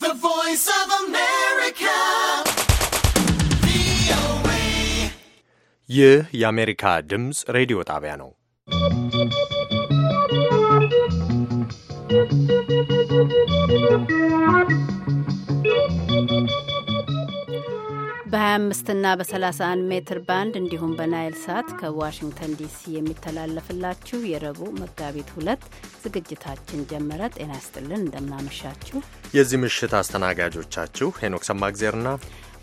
The voice of America. VOA. ይህ የአሜሪካ ድምፅ ሬዲዮ ጣቢያ ነው። በ25 ና በ31 ሜትር ባንድ እንዲሁም በናይል ሳት ከዋሽንግተን ዲሲ የሚተላለፍላችሁ የረቡዕ መጋቢት ሁለት ዝግጅታችን ጀመረ። ጤና ይስጥልን፣ እንደምናመሻችሁ። የዚህ ምሽት አስተናጋጆቻችሁ ሄኖክ ሰማግዜርና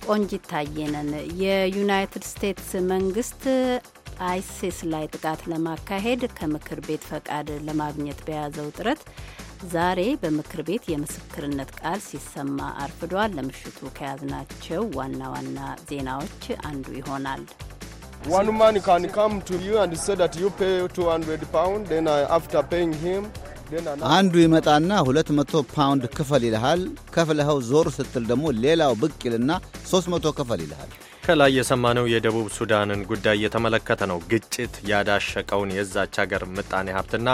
ቆንጂት ታየነን። የዩናይትድ ስቴትስ መንግስት አይሲስ ላይ ጥቃት ለማካሄድ ከምክር ቤት ፈቃድ ለማግኘት በያዘው ጥረት ዛሬ በምክር ቤት የምስክርነት ቃል ሲሰማ አርፍዷል። ለምሽቱ ከያዝናቸው ዋና ዋና ዜናዎች አንዱ ይሆናል። One man can come to you and say that you pay 200 pound, then after paying him, አንዱ ይመጣና 200 ፓውንድ ክፈል ይልሃል። ከፍለኸው ዞር ስትል ደግሞ ሌላው ብቅ ይልና 300 ክፈል ይልሃል። ከላይ የሰማነው የደቡብ ሱዳንን ጉዳይ እየተመለከተ ነው። ግጭት ያዳሸቀውን የዛች ሀገር ምጣኔ ሀብትና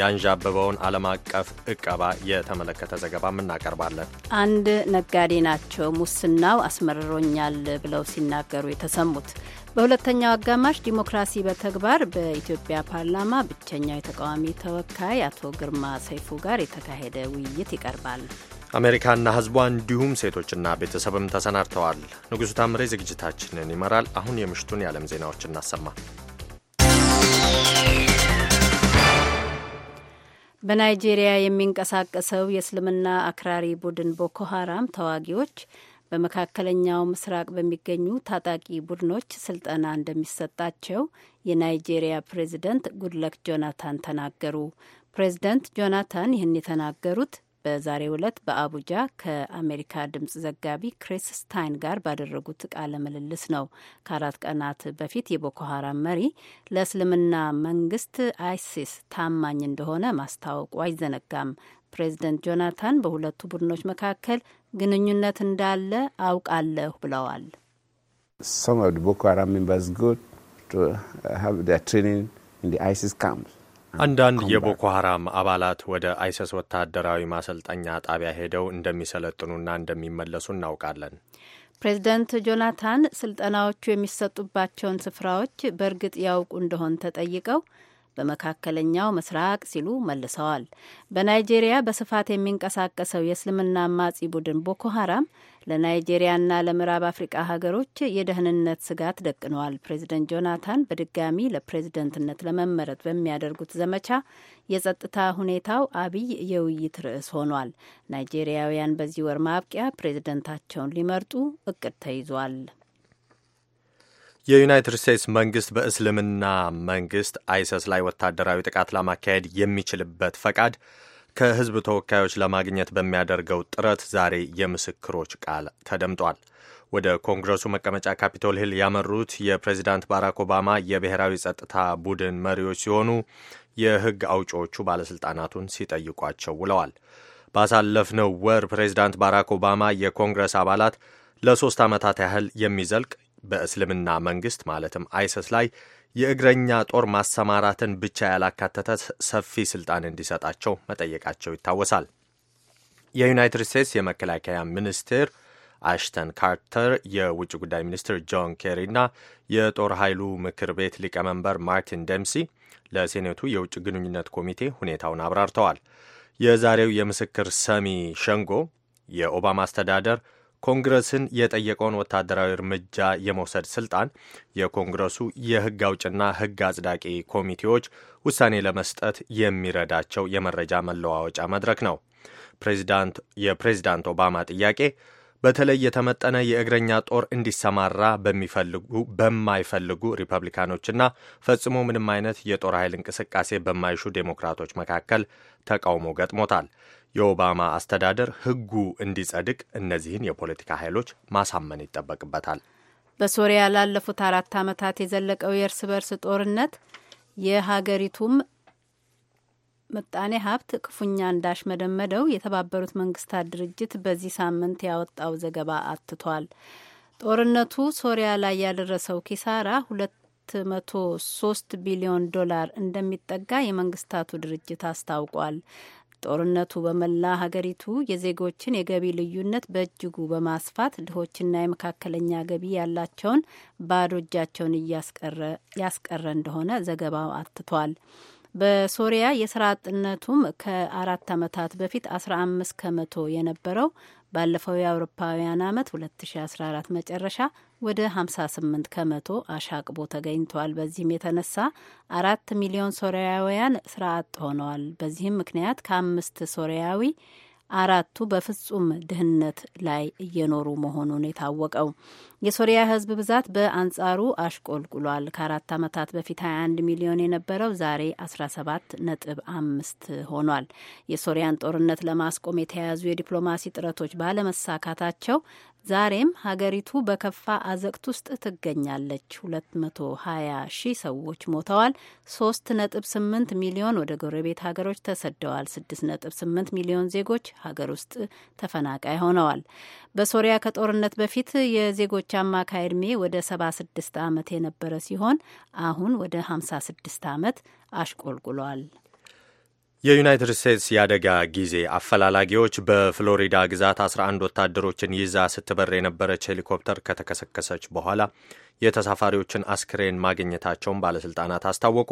ያንዣበበውን ዓለም አቀፍ እቀባ የተመለከተ ዘገባም እናቀርባለን። አንድ ነጋዴ ናቸው ሙስናው አስመርሮኛል ብለው ሲናገሩ የተሰሙት። በሁለተኛው አጋማሽ ዲሞክራሲ በተግባር በኢትዮጵያ ፓርላማ ብቸኛው የተቃዋሚ ተወካይ አቶ ግርማ ሰይፉ ጋር የተካሄደ ውይይት ይቀርባል። አሜሪካና ህዝቧ እንዲሁም ሴቶችና ቤተሰብም ተሰናድተዋል። ንጉሡ ታምሬ ዝግጅታችንን ይመራል። አሁን የምሽቱን የዓለም ዜናዎች እናሰማ። በናይጄሪያ የሚንቀሳቀሰው የእስልምና አክራሪ ቡድን ቦኮ ሀራም ተዋጊዎች በመካከለኛው ምስራቅ በሚገኙ ታጣቂ ቡድኖች ስልጠና እንደሚሰጣቸው የናይጄሪያ ፕሬዚደንት ጉድለክ ጆናታን ተናገሩ። ፕሬዚደንት ጆናታን ይህን የተናገሩት በዛሬው ዕለት በአቡጃ ከአሜሪካ ድምጽ ዘጋቢ ክሪስ ስታይን ጋር ባደረጉት ቃለ ምልልስ ነው። ከአራት ቀናት በፊት የቦኮ ሀራም መሪ ለእስልምና መንግስት አይሲስ ታማኝ እንደሆነ ማስታወቁ አይዘነጋም። ፕሬዚደንት ጆናታን በሁለቱ ቡድኖች መካከል ግንኙነት እንዳለ አውቃለሁ ብለዋል። ቦኮ ሀራም አንዳንድ የቦኮ ሀራም አባላት ወደ አይሰስ ወታደራዊ ማሰልጠኛ ጣቢያ ሄደው እንደሚሰለጥኑና እንደሚመለሱ እናውቃለን። ፕሬዚደንት ጆናታን ስልጠናዎቹ የሚሰጡባቸውን ስፍራዎች በእርግጥ ያውቁ እንደሆን ተጠይቀው በመካከለኛው ምስራቅ ሲሉ መልሰዋል። በናይጄሪያ በስፋት የሚንቀሳቀሰው የእስልምና አማጺ ቡድን ቦኮ ሀራም ለናይጄሪያና ለምዕራብ አፍሪቃ ሀገሮች የደህንነት ስጋት ደቅነዋል። ፕሬዚደንት ጆናታን በድጋሚ ለፕሬዝደንትነት ለመመረጥ በሚያደርጉት ዘመቻ የጸጥታ ሁኔታው አብይ የውይይት ርዕስ ሆኗል። ናይጄሪያውያን በዚህ ወር ማብቂያ ፕሬዝደንታቸውን ሊመርጡ እቅድ ተይዟል። የዩናይትድ ስቴትስ መንግስት በእስልምና መንግስት አይሰስ ላይ ወታደራዊ ጥቃት ለማካሄድ የሚችልበት ፈቃድ ከህዝብ ተወካዮች ለማግኘት በሚያደርገው ጥረት ዛሬ የምስክሮች ቃል ተደምጧል። ወደ ኮንግረሱ መቀመጫ ካፒቶል ሂል ያመሩት የፕሬዚዳንት ባራክ ኦባማ የብሔራዊ ጸጥታ ቡድን መሪዎች ሲሆኑ የህግ አውጪዎቹ ባለሥልጣናቱን ሲጠይቋቸው ውለዋል። ባሳለፍነው ወር ፕሬዚዳንት ባራክ ኦባማ የኮንግረስ አባላት ለሶስት ዓመታት ያህል የሚዘልቅ በእስልምና መንግስት ማለትም አይሰስ ላይ የእግረኛ ጦር ማሰማራትን ብቻ ያላካተተ ሰፊ ስልጣን እንዲሰጣቸው መጠየቃቸው ይታወሳል። የዩናይትድ ስቴትስ የመከላከያ ሚኒስቴር አሽተን ካርተር፣ የውጭ ጉዳይ ሚኒስትር ጆን ኬሪ እና የጦር ኃይሉ ምክር ቤት ሊቀመንበር ማርቲን ደምሲ ለሴኔቱ የውጭ ግንኙነት ኮሚቴ ሁኔታውን አብራርተዋል። የዛሬው የምስክር ሰሚ ሸንጎ የኦባማ አስተዳደር ኮንግረስን የጠየቀውን ወታደራዊ እርምጃ የመውሰድ ስልጣን የኮንግረሱ የህግ አውጭና ህግ አጽዳቂ ኮሚቴዎች ውሳኔ ለመስጠት የሚረዳቸው የመረጃ መለዋወጫ መድረክ ነው። ፕሬዚዳንት የፕሬዚዳንት ኦባማ ጥያቄ በተለይ የተመጠነ የእግረኛ ጦር እንዲሰማራ በሚፈልጉ በማይፈልጉ ሪፐብሊካኖችና ፈጽሞ ምንም አይነት የጦር ኃይል እንቅስቃሴ በማይሹ ዴሞክራቶች መካከል ተቃውሞ ገጥሞታል። የኦባማ አስተዳደር ህጉ እንዲጸድቅ እነዚህን የፖለቲካ ኃይሎች ማሳመን ይጠበቅበታል። በሶሪያ ላለፉት አራት ዓመታት የዘለቀው የእርስ በርስ ጦርነት የሀገሪቱም ምጣኔ ሀብት ክፉኛ እንዳሽመደመደው የተባበሩት መንግስታት ድርጅት በዚህ ሳምንት ያወጣው ዘገባ አትቷል። ጦርነቱ ሶሪያ ላይ ያደረሰው ኪሳራ ሁለት መቶ ሶስት ቢሊዮን ዶላር እንደሚጠጋ የመንግስታቱ ድርጅት አስታውቋል። ጦርነቱ በመላ ሀገሪቱ የዜጎችን የገቢ ልዩነት በእጅጉ በማስፋት ድሆችና የመካከለኛ ገቢ ያላቸውን ባዶ እጃቸውን እያስቀረ እንደሆነ ዘገባው አትቷል። በሶሪያ የስራ አጥነቱም ከአራት ዓመታት በፊት 15 ከመቶ የነበረው ባለፈው የአውሮፓውያን ዓመት 2014 መጨረሻ ወደ 58 ከመቶ አሻቅቦ ተገኝቷል። በዚህም የተነሳ አራት ሚሊዮን ሶሪያውያን ስራ አጥ ሆነዋል። በዚህም ምክንያት ከአምስት ሶሪያዊ አራቱ በፍጹም ድህነት ላይ እየኖሩ መሆኑን የታወቀው የሶሪያ ሕዝብ ብዛት በአንጻሩ አሽቆልቁሏል። ከአራት ዓመታት በፊት 21 ሚሊዮን የነበረው ዛሬ 17 ነጥብ አምስት ሆኗል። የሶሪያን ጦርነት ለማስቆም የተያያዙ የዲፕሎማሲ ጥረቶች ባለመሳካታቸው ዛሬም ሀገሪቱ በከፋ አዘቅት ውስጥ ትገኛለች። 220 ሺህ ሰዎች ሞተዋል። 3.8 ሚሊዮን ወደ ጎረቤት ሀገሮች ተሰደዋል። 6.8 ሚሊዮን ዜጎች ሀገር ውስጥ ተፈናቃይ ሆነዋል። በሶሪያ ከጦርነት በፊት የዜጎች አማካይ ዕድሜ ወደ 76 ዓመት የነበረ ሲሆን አሁን ወደ 56 ዓመት አሽቆልቁሏል። የዩናይትድ ስቴትስ የአደጋ ጊዜ አፈላላጊዎች በፍሎሪዳ ግዛት 11 ወታደሮችን ይዛ ስትበር የነበረች ሄሊኮፕተር ከተከሰከሰች በኋላ የተሳፋሪዎችን አስክሬን ማግኘታቸውን ባለሥልጣናት አስታወቁ።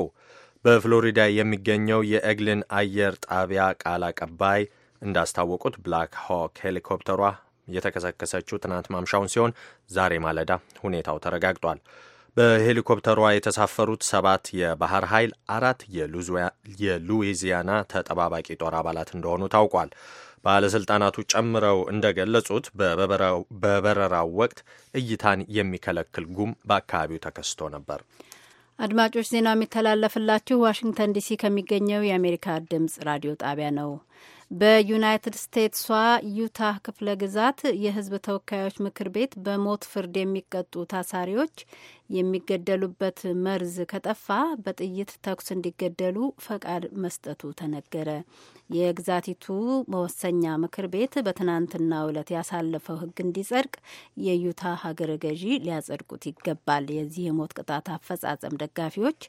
በፍሎሪዳ የሚገኘው የኤግሊን አየር ጣቢያ ቃል አቀባይ እንዳስታወቁት ብላክ ሆክ ሄሊኮፕተሯ የተከሰከሰችው ትናንት ማምሻውን ሲሆን ዛሬ ማለዳ ሁኔታው ተረጋግጧል። በሄሊኮፕተሯ የተሳፈሩት ሰባት የባህር ኃይል፣ አራት የሉዊዚያና ተጠባባቂ ጦር አባላት እንደሆኑ ታውቋል። ባለሥልጣናቱ ጨምረው እንደገለጹት በበረራው ወቅት እይታን የሚከለክል ጉም በአካባቢው ተከስቶ ነበር። አድማጮች ዜናው የሚተላለፍላችሁ ዋሽንግተን ዲሲ ከሚገኘው የአሜሪካ ድምጽ ራዲዮ ጣቢያ ነው። በዩናይትድ ስቴትሷ ዩታ ክፍለ ግዛት የሕዝብ ተወካዮች ምክር ቤት በሞት ፍርድ የሚቀጡ ታሳሪዎች የሚገደሉበት መርዝ ከጠፋ በጥይት ተኩስ እንዲገደሉ ፈቃድ መስጠቱ ተነገረ። የግዛቲቱ መወሰኛ ምክር ቤት በትናንትናው ዕለት ያሳለፈው ሕግ እንዲጸድቅ የዩታ ሀገረ ገዢ ሊያጸድቁት ይገባል። የዚህ የሞት ቅጣት አፈጻጸም ደጋፊዎች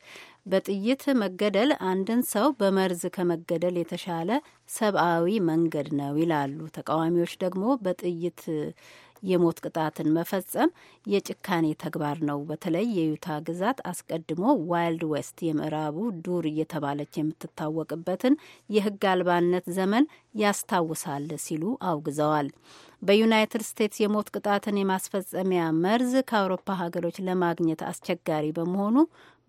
በጥይት መገደል አንድን ሰው በመርዝ ከመገደል የተሻለ ሰብአዊ መንገድ ነው ይላሉ። ተቃዋሚዎች ደግሞ በጥይት የሞት ቅጣትን መፈጸም የጭካኔ ተግባር ነው። በተለይ የዩታ ግዛት አስቀድሞ ዋይልድ ዌስት የምዕራቡ ዱር እየተባለች የምትታወቅበትን የህግ አልባነት ዘመን ያስታውሳል ሲሉ አውግዘዋል። በዩናይትድ ስቴትስ የሞት ቅጣትን የማስፈጸሚያ መርዝ ከአውሮፓ ሀገሮች ለማግኘት አስቸጋሪ በመሆኑ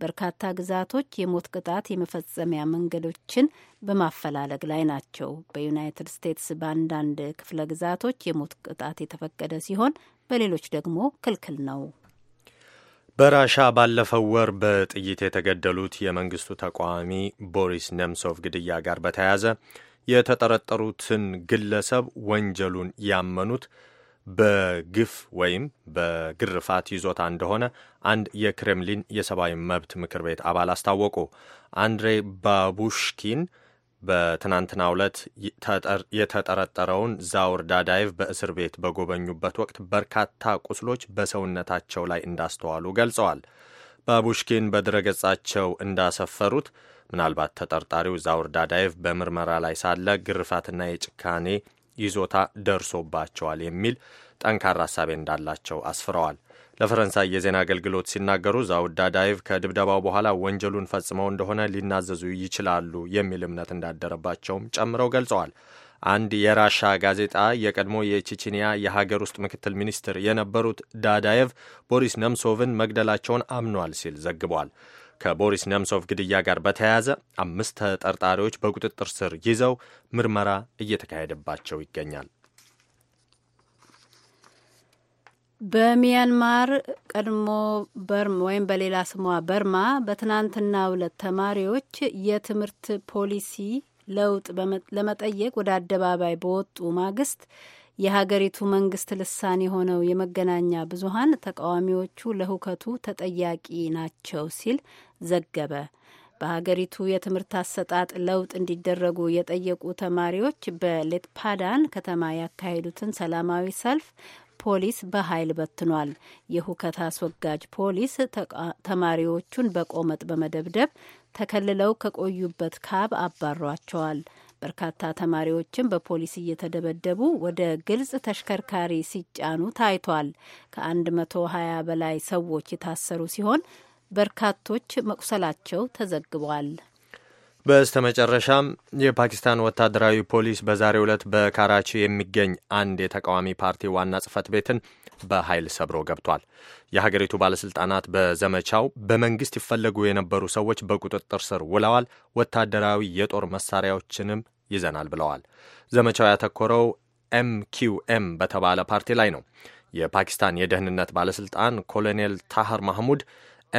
በርካታ ግዛቶች የሞት ቅጣት የመፈጸሚያ መንገዶችን በማፈላለግ ላይ ናቸው። በዩናይትድ ስቴትስ በአንዳንድ ክፍለ ግዛቶች የሞት ቅጣት የተፈቀደ ሲሆን፣ በሌሎች ደግሞ ክልክል ነው። በራሻ ባለፈው ወር በጥይት የተገደሉት የመንግስቱ ተቃዋሚ ቦሪስ ነምሶቭ ግድያ ጋር በተያያዘ የተጠረጠሩትን ግለሰብ ወንጀሉን ያመኑት በግፍ ወይም በግርፋት ይዞታ እንደሆነ አንድ የክሬምሊን የሰብአዊ መብት ምክር ቤት አባል አስታወቁ። አንድሬ ባቡሽኪን በትናንትናው ዕለት የተጠረጠረውን ዛውር ዳዳይቭ በእስር ቤት በጎበኙበት ወቅት በርካታ ቁስሎች በሰውነታቸው ላይ እንዳስተዋሉ ገልጸዋል። ባቡሽኪን በድረገጻቸው እንዳሰፈሩት ምናልባት ተጠርጣሪው ዛውር ዳዳይቭ በምርመራ ላይ ሳለ ግርፋትና የጭካኔ ይዞታ ደርሶባቸዋል የሚል ጠንካራ ሀሳቤ እንዳላቸው አስፍረዋል። ለፈረንሳይ የዜና አገልግሎት ሲናገሩ ዛውዳ ዳይቭ ከድብደባው በኋላ ወንጀሉን ፈጽመው እንደሆነ ሊናዘዙ ይችላሉ የሚል እምነት እንዳደረባቸውም ጨምረው ገልጸዋል። አንድ የራሻ ጋዜጣ የቀድሞ የቼቼንያ የሀገር ውስጥ ምክትል ሚኒስትር የነበሩት ዳዳየቭ ቦሪስ ነምሶቭን መግደላቸውን አምኗል ሲል ዘግቧል። ከቦሪስ ነምሶቭ ግድያ ጋር በተያያዘ አምስት ተጠርጣሪዎች በቁጥጥር ስር ይዘው ምርመራ እየተካሄደባቸው ይገኛል። በሚያንማር ቀድሞ በርም ወይም በሌላ ስሟ በርማ በትናንትና ሁለት ተማሪዎች የትምህርት ፖሊሲ ለውጥ ለመጠየቅ ወደ አደባባይ በወጡ ማግስት የሀገሪቱ መንግስት ልሳን የሆነው የመገናኛ ብዙሀን ተቃዋሚዎቹ ለሁከቱ ተጠያቂ ናቸው ሲል ዘገበ። በሀገሪቱ የትምህርት አሰጣጥ ለውጥ እንዲደረጉ የጠየቁ ተማሪዎች በሌትፓዳን ከተማ ያካሄዱትን ሰላማዊ ሰልፍ ፖሊስ በኃይል በትኗል። የሁከት አስወጋጅ ፖሊስ ተማሪዎቹን በቆመጥ በመደብደብ ተከልለው ከቆዩበት ካብ አባሯቸዋል። በርካታ ተማሪዎችም በፖሊስ እየተደበደቡ ወደ ግልጽ ተሽከርካሪ ሲጫኑ ታይቷል። ከ120 በላይ ሰዎች የታሰሩ ሲሆን በርካቶች መቁሰላቸው ተዘግቧል። በስተመጨረሻም የፓኪስታን ወታደራዊ ፖሊስ በዛሬው ዕለት በካራቺ የሚገኝ አንድ የተቃዋሚ ፓርቲ ዋና ጽህፈት ቤትን በኃይል ሰብሮ ገብቷል። የሀገሪቱ ባለሥልጣናት በዘመቻው በመንግሥት ይፈለጉ የነበሩ ሰዎች በቁጥጥር ስር ውለዋል። ወታደራዊ የጦር መሳሪያዎችንም ይዘናል ብለዋል። ዘመቻው ያተኮረው ኤምኪውኤም በተባለ ፓርቲ ላይ ነው። የፓኪስታን የደህንነት ባለሥልጣን ኮሎኔል ታህር ማህሙድ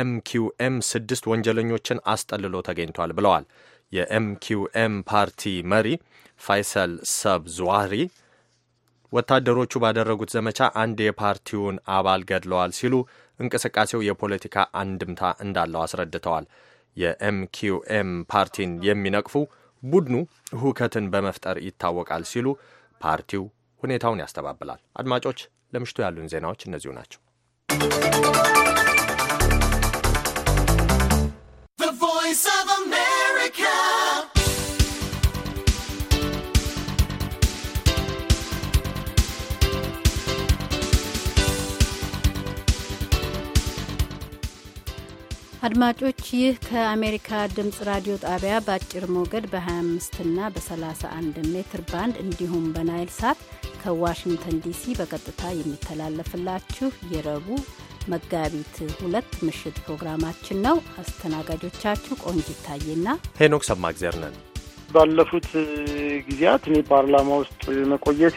ኤምኪውኤም ስድስት ወንጀለኞችን አስጠልሎ ተገኝቷል ብለዋል። የኤምኪውኤም ፓርቲ መሪ ፋይሰል ሰብ ዙዋሪ ወታደሮቹ ባደረጉት ዘመቻ አንድ የፓርቲውን አባል ገድለዋል ሲሉ እንቅስቃሴው የፖለቲካ አንድምታ እንዳለው አስረድተዋል። የኤምኪውኤም ፓርቲን የሚነቅፉ ቡድኑ ሁከትን በመፍጠር ይታወቃል ሲሉ ፓርቲው ሁኔታውን ያስተባብላል። አድማጮች፣ ለምሽቱ ያሉን ዜናዎች እነዚሁ ናቸው። አድማጮች ይህ ከአሜሪካ ድምፅ ራዲዮ ጣቢያ በአጭር ሞገድ በ25 እና በ31 ሜትር ባንድ እንዲሁም በናይል ሳት ከዋሽንግተን ዲሲ በቀጥታ የሚተላለፍላችሁ የረቡዕ መጋቢት ሁለት ምሽት ፕሮግራማችን ነው። አስተናጋጆቻችሁ ቆንጅ ይታየና ሄኖክ ሰማግዜር ነን። ባለፉት ጊዜያት እኔ ፓርላማ ውስጥ መቆየቴ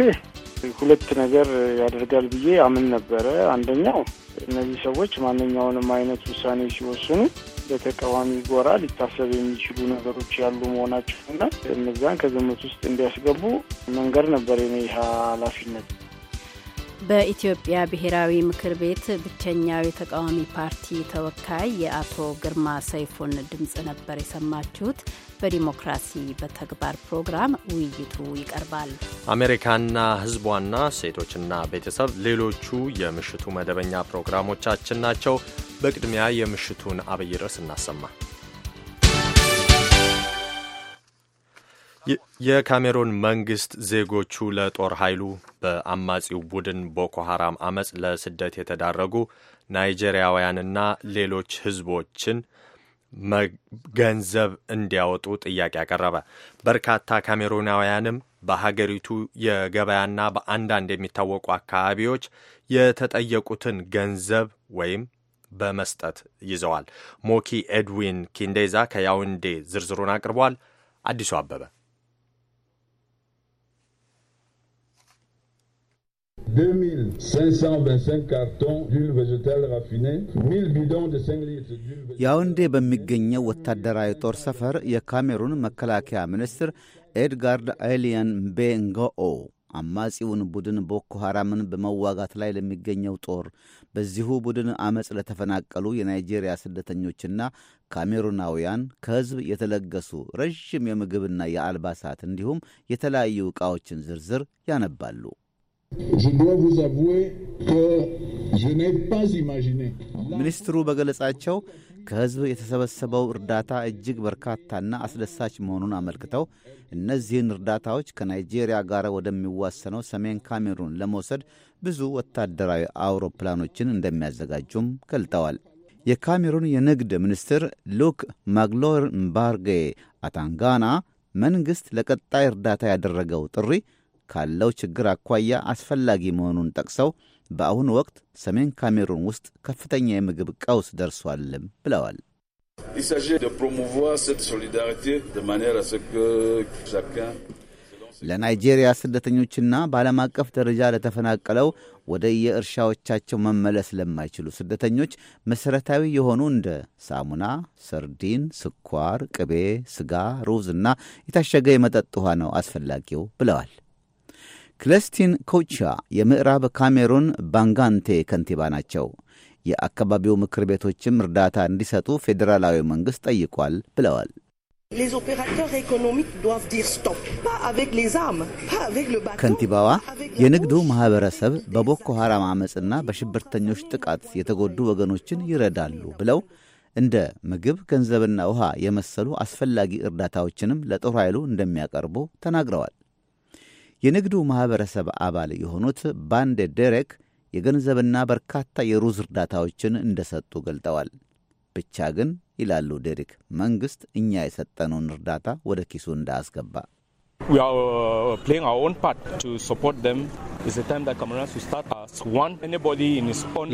ሁለት ነገር ያደርጋል ብዬ አምን ነበረ። አንደኛው እነዚህ ሰዎች ማንኛውንም አይነት ውሳኔ ሲወስኑ በተቃዋሚ ጎራ ሊታሰብ የሚችሉ ነገሮች ያሉ መሆናቸውና እነዛን ከግምት ውስጥ እንዲያስገቡ መንገድ ነበር የኔ ኃላፊነት። በኢትዮጵያ ብሔራዊ ምክር ቤት ብቸኛው የተቃዋሚ ፓርቲ ተወካይ የአቶ ግርማ ሰይፉን ድምፅ ነበር የሰማችሁት። በዲሞክራሲ በተግባር ፕሮግራም ውይይቱ ይቀርባል። አሜሪካና ሕዝቧና ሴቶችና ቤተሰብ ሌሎቹ የምሽቱ መደበኛ ፕሮግራሞቻችን ናቸው። በቅድሚያ የምሽቱን አብይ ርዕስ እናሰማ። የካሜሮን መንግስት ዜጎቹ ለጦር ኃይሉ በአማጺው ቡድን ቦኮ ሐራም አመፅ ለስደት የተዳረጉ ናይጄሪያውያንና ሌሎች ህዝቦችን ገንዘብ እንዲያወጡ ጥያቄ አቀረበ። በርካታ ካሜሩናውያንም በሀገሪቱ የገበያና በአንዳንድ የሚታወቁ አካባቢዎች የተጠየቁትን ገንዘብ ወይም በመስጠት ይዘዋል። ሞኪ ኤድዊን ኪንዴዛ ከያውንዴ ዝርዝሩን አቅርቧል። አዲሱ አበበ 2525 ካርቶን ዱል ቬጀታል ራፊኔ 1000 ቢዶን ደ 5 ሊትር ዱል ያውንዴ በሚገኘው ወታደራዊ ጦር ሰፈር የካሜሩን መከላከያ ሚኒስትር ኤድጋርድ አይሊያን ቤንጎኦ አማጺውን ቡድን ቦኮ ሐራምን በመዋጋት ላይ ለሚገኘው ጦር በዚሁ ቡድን አመፅ ለተፈናቀሉ የናይጄሪያ ስደተኞችና ካሜሩናውያን ከሕዝብ የተለገሱ ረዥም የምግብና የአልባሳት እንዲሁም የተለያዩ ዕቃዎችን ዝርዝር ያነባሉ። ሚኒስትሩ በገለጻቸው ከህዝብ የተሰበሰበው እርዳታ እጅግ በርካታና አስደሳች መሆኑን አመልክተው እነዚህን እርዳታዎች ከናይጄሪያ ጋር ወደሚዋሰነው ሰሜን ካሜሩን ለመውሰድ ብዙ ወታደራዊ አውሮፕላኖችን እንደሚያዘጋጁም ገልጠዋል። የካሜሩን የንግድ ሚኒስትር ሉክ ማግሎር ምባርጌ አታንጋና መንግሥት ለቀጣይ እርዳታ ያደረገው ጥሪ ካለው ችግር አኳያ አስፈላጊ መሆኑን ጠቅሰው በአሁኑ ወቅት ሰሜን ካሜሩን ውስጥ ከፍተኛ የምግብ ቀውስ ደርሷልም ብለዋል። ለናይጄሪያ ስደተኞችና በዓለም አቀፍ ደረጃ ለተፈናቀለው ወደ የእርሻዎቻቸው መመለስ ለማይችሉ ስደተኞች መሠረታዊ የሆኑ እንደ ሳሙና፣ ሰርዲን፣ ስኳር፣ ቅቤ፣ ስጋ፣ ሩዝ እና የታሸገ የመጠጥ ውሃ ነው አስፈላጊው ብለዋል። ክለስቲን ኮቻ የምዕራብ ካሜሩን ባንጋንቴ ከንቲባ ናቸው። የአካባቢው ምክር ቤቶችም እርዳታ እንዲሰጡ ፌዴራላዊ መንግሥት ጠይቋል ብለዋል። ከንቲባዋ የንግዱ ማኅበረሰብ በቦኮ ሐራም ዓመፅና በሽብርተኞች ጥቃት የተጎዱ ወገኖችን ይረዳሉ ብለው እንደ ምግብ፣ ገንዘብና ውሃ የመሰሉ አስፈላጊ እርዳታዎችንም ለጦር ኃይሉ እንደሚያቀርቡ ተናግረዋል። የንግዱ ማኅበረሰብ አባል የሆኑት ባንድ ዴሬክ የገንዘብና በርካታ የሩዝ እርዳታዎችን እንደሰጡ ገልጠዋል። ብቻ ግን ይላሉ ዴሪክ፣ መንግሥት እኛ የሰጠነውን እርዳታ ወደ ኪሱ እንዳያስገባ uh,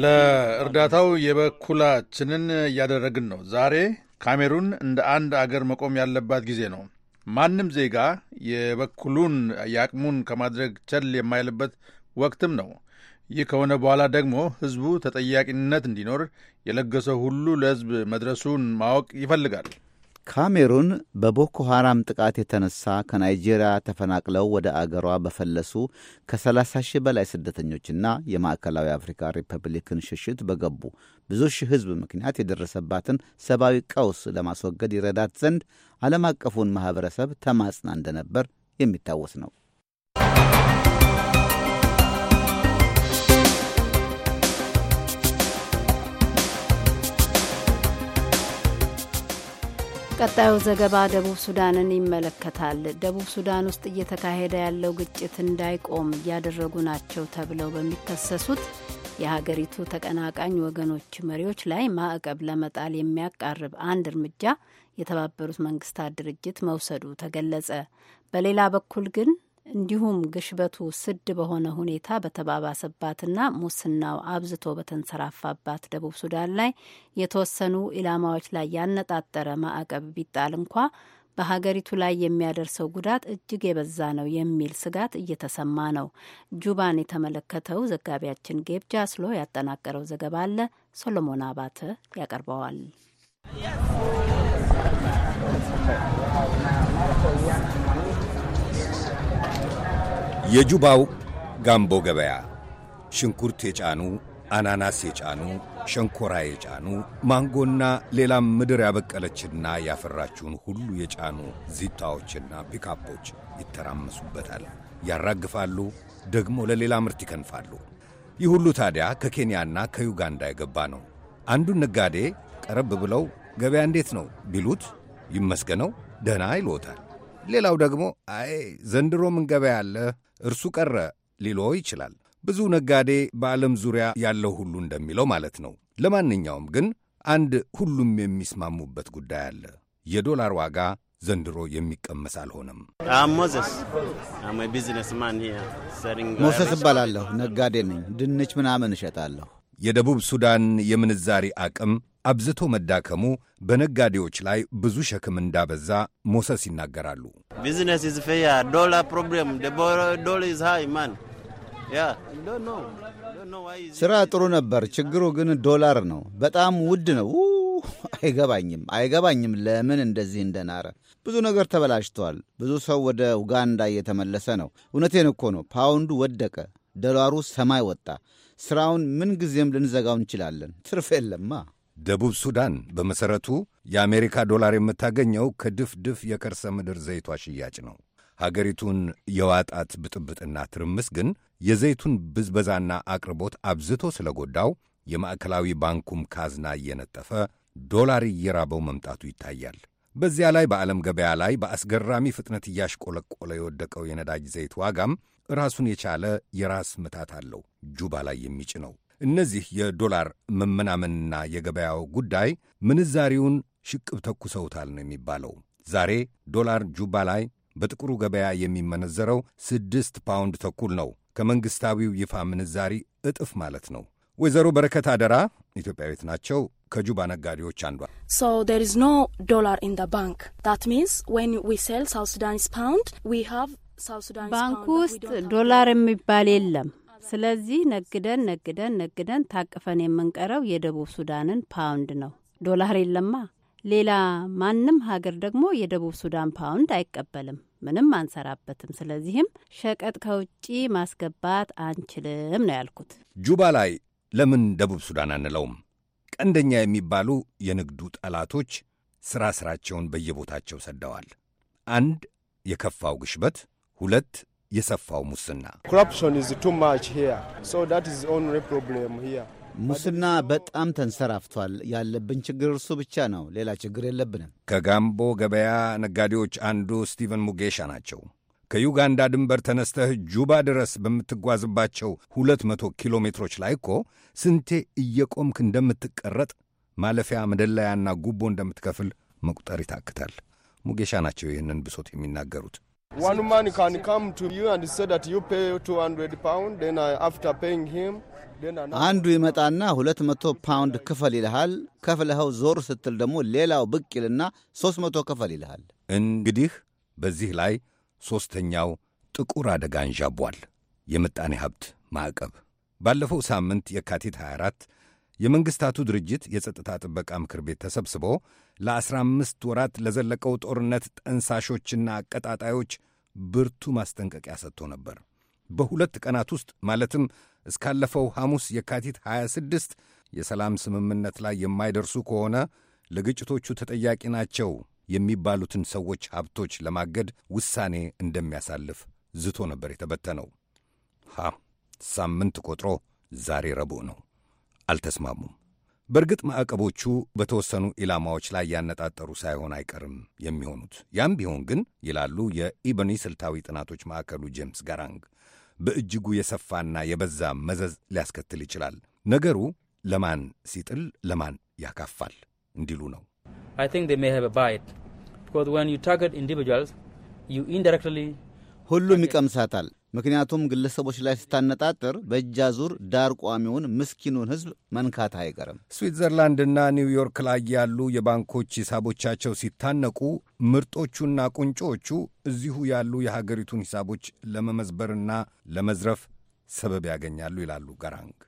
ለእርዳታው የበኩላችንን እያደረግን ነው። ዛሬ ካሜሩን እንደ አንድ አገር መቆም ያለባት ጊዜ ነው። ማንም ዜጋ የበኩሉን የአቅሙን ከማድረግ ቸል የማይልበት ወቅትም ነው። ይህ ከሆነ በኋላ ደግሞ ህዝቡ ተጠያቂነት እንዲኖር የለገሰው ሁሉ ለህዝብ መድረሱን ማወቅ ይፈልጋል። ካሜሩን በቦኮ ሐራም ጥቃት የተነሳ ከናይጄሪያ ተፈናቅለው ወደ አገሯ በፈለሱ ከ30 ሺህ በላይ ስደተኞችና የማዕከላዊ አፍሪካ ሪፐብሊክን ሽሽት በገቡ ብዙ ሺህ ህዝብ ምክንያት የደረሰባትን ሰብአዊ ቀውስ ለማስወገድ ይረዳት ዘንድ ዓለም አቀፉን ማኅበረሰብ ተማጽና እንደነበር የሚታወስ ነው። ቀጣዩ ዘገባ ደቡብ ሱዳንን ይመለከታል። ደቡብ ሱዳን ውስጥ እየተካሄደ ያለው ግጭት እንዳይቆም እያደረጉ ናቸው ተብለው በሚከሰሱት የሀገሪቱ ተቀናቃኝ ወገኖች መሪዎች ላይ ማዕቀብ ለመጣል የሚያቃርብ አንድ እርምጃ የተባበሩት መንግስታት ድርጅት መውሰዱ ተገለጸ። በሌላ በኩል ግን እንዲሁም ግሽበቱ ስድ በሆነ ሁኔታ በተባባሰባትና ሙስናው አብዝቶ በተንሰራፋባት ደቡብ ሱዳን ላይ የተወሰኑ ኢላማዎች ላይ ያነጣጠረ ማዕቀብ ቢጣል እንኳ በሀገሪቱ ላይ የሚያደርሰው ጉዳት እጅግ የበዛ ነው የሚል ስጋት እየተሰማ ነው። ጁባን የተመለከተው ዘጋቢያችን ጌብጃ ስሎ ያጠናቀረው ዘገባ አለ። ሶሎሞን አባተ ያቀርበዋል። የጁባው ጋምቦ ገበያ ሽንኩርት የጫኑ አናናስ የጫኑ ሸንኮራ የጫኑ ማንጎና ሌላም ምድር ያበቀለችና ያፈራችውን ሁሉ የጫኑ ዚታዎችና ፒካፖች ይተራመሱበታል፣ ያራግፋሉ፣ ደግሞ ለሌላ ምርት ይከንፋሉ። ይህ ሁሉ ታዲያ ከኬንያና ከዩጋንዳ የገባ ነው። አንዱን ነጋዴ ቀረብ ብለው ገበያ እንዴት ነው ቢሉት ይመስገነው ደህና ይሎታል። ሌላው ደግሞ አይ ዘንድሮ ምን ገበያ አለ እርሱ ቀረ ሊሎ ይችላል። ብዙ ነጋዴ በዓለም ዙሪያ ያለው ሁሉ እንደሚለው ማለት ነው። ለማንኛውም ግን አንድ ሁሉም የሚስማሙበት ጉዳይ አለ። የዶላር ዋጋ ዘንድሮ የሚቀመስ አልሆነም። ሞሰስ uh, እባላለሁ፣ ነጋዴ ነኝ። ድንች ምናምን እሸጣለሁ። የደቡብ ሱዳን የምንዛሪ አቅም አብዝቶ መዳከሙ በነጋዴዎች ላይ ብዙ ሸክም እንዳበዛ ሞሰስ ይናገራሉ። ስራ ጥሩ ነበር። ችግሩ ግን ዶላር ነው። በጣም ውድ ነው። አይገባኝም አይገባኝም ለምን እንደዚህ እንደናረ። ብዙ ነገር ተበላሽቷል። ብዙ ሰው ወደ ኡጋንዳ እየተመለሰ ነው። እውነቴን እኮ ነው። ፓውንዱ ወደቀ፣ ዶላሩ ሰማይ ወጣ። ስራውን ምን ጊዜም ልንዘጋው እንችላለን። ትርፍ የለማ። ደቡብ ሱዳን በመሠረቱ የአሜሪካ ዶላር የምታገኘው ከድፍድፍ የከርሰ ምድር ዘይቷ ሽያጭ ነው። ሀገሪቱን የዋጣት ብጥብጥና ትርምስ ግን የዘይቱን ብዝበዛና አቅርቦት አብዝቶ ስለጎዳው የማዕከላዊ ባንኩም ካዝና እየነጠፈ ዶላር እየራበው መምጣቱ ይታያል። በዚያ ላይ በዓለም ገበያ ላይ በአስገራሚ ፍጥነት እያሽቆለቆለ የወደቀው የነዳጅ ዘይት ዋጋም ራሱን የቻለ የራስ ምታት አለው። ጁባ ላይ የሚጭነው እነዚህ የዶላር መመናመንና የገበያው ጉዳይ ምንዛሪውን ሽቅብ ተኩሰውታል ነው የሚባለው። ዛሬ ዶላር ጁባ ላይ በጥቁሩ ገበያ የሚመነዘረው ስድስት ፓውንድ ተኩል ነው። ከመንግሥታዊው ይፋ ምንዛሪ እጥፍ ማለት ነው። ወይዘሮ በረከት አደራ ኢትዮጵያዊት ናቸው። ከጁባ ነጋዴዎች አንዷ ባንክ ውስጥ ዶላር የሚባል የለም። ስለዚህ ነግደን ነግደን ነግደን ታቅፈን የምንቀረው የደቡብ ሱዳንን ፓውንድ ነው። ዶላር የለማ። ሌላ ማንም ሀገር ደግሞ የደቡብ ሱዳን ፓውንድ አይቀበልም። ምንም አንሰራበትም። ስለዚህም ሸቀጥ ከውጭ ማስገባት አንችልም ነው ያልኩት። ጁባ ላይ ለምን ደቡብ ሱዳን አንለውም? ቀንደኛ የሚባሉ የንግዱ ጠላቶች ሥራ ሥራቸውን በየቦታቸው ሰደዋል። አንድ የከፋው ግሽበት፣ ሁለት የሰፋው ሙስና ሙስና በጣም ተንሰራፍቷል። ያለብን ችግር እርሱ ብቻ ነው። ሌላ ችግር የለብንም። ከጋምቦ ገበያ ነጋዴዎች አንዱ ስቲቨን ሙጌሻ ናቸው። ከዩጋንዳ ድንበር ተነስተህ ጁባ ድረስ በምትጓዝባቸው 200 ኪሎ ሜትሮች ላይ እኮ ስንቴ እየቆምክ እንደምትቀረጥ ማለፊያ መደላያና ጉቦ እንደምትከፍል መቁጠር ይታክታል። ሙጌሻ ናቸው ይህንን ብሶት የሚናገሩት። One man can come to you and say that you pay 200 pound, then after paying him አንዱ ይመጣና 200 ፓውንድ ክፈል ይልሃል። ከፍለኸው ዞር ስትል ደግሞ ሌላው ብቅ ይልና 300 ክፈል ይልሃል። እንግዲህ በዚህ ላይ ሦስተኛው ጥቁር አደጋ አንዣቧል። የምጣኔ ሀብት ማዕቀብ ባለፈው ሳምንት የካቲት 24 የመንግሥታቱ ድርጅት የጸጥታ ጥበቃ ምክር ቤት ተሰብስቦ ለ15 ወራት ለዘለቀው ጦርነት ጠንሳሾችና አቀጣጣዮች ብርቱ ማስጠንቀቂያ ሰጥቶ ነበር። በሁለት ቀናት ውስጥ ማለትም እስካለፈው ሐሙስ የካቲት 26 የሰላም ስምምነት ላይ የማይደርሱ ከሆነ ለግጭቶቹ ተጠያቂ ናቸው የሚባሉትን ሰዎች ሀብቶች ለማገድ ውሳኔ እንደሚያሳልፍ ዝቶ ነበር የተበተነው። ሃ ሳምንት ቆጥሮ ዛሬ ረቡዕ ነው። አልተስማሙም። በእርግጥ ማዕቀቦቹ በተወሰኑ ኢላማዎች ላይ ያነጣጠሩ ሳይሆን አይቀርም የሚሆኑት። ያም ቢሆን ግን ይላሉ የኢበኒ ስልታዊ ጥናቶች ማዕከሉ ጄምስ ጋራንግ፣ በእጅጉ የሰፋና የበዛ መዘዝ ሊያስከትል ይችላል። ነገሩ ለማን ሲጥል ለማን ያካፋል እንዲሉ ነው። ሁሉም ይቀምሳታል። ምክንያቱም ግለሰቦች ላይ ስታነጣጥር በእጅ አዙር ዳር ቋሚውን ምስኪኑን ሕዝብ መንካት አይቀርም። ስዊትዘርላንድና ኒውዮርክ ላይ ያሉ የባንኮች ሂሳቦቻቸው ሲታነቁ ምርጦቹና ቁንጮቹ እዚሁ ያሉ የሀገሪቱን ሂሳቦች ለመመዝበርና ለመዝረፍ ሰበብ ያገኛሉ ይላሉ ጋራንግ።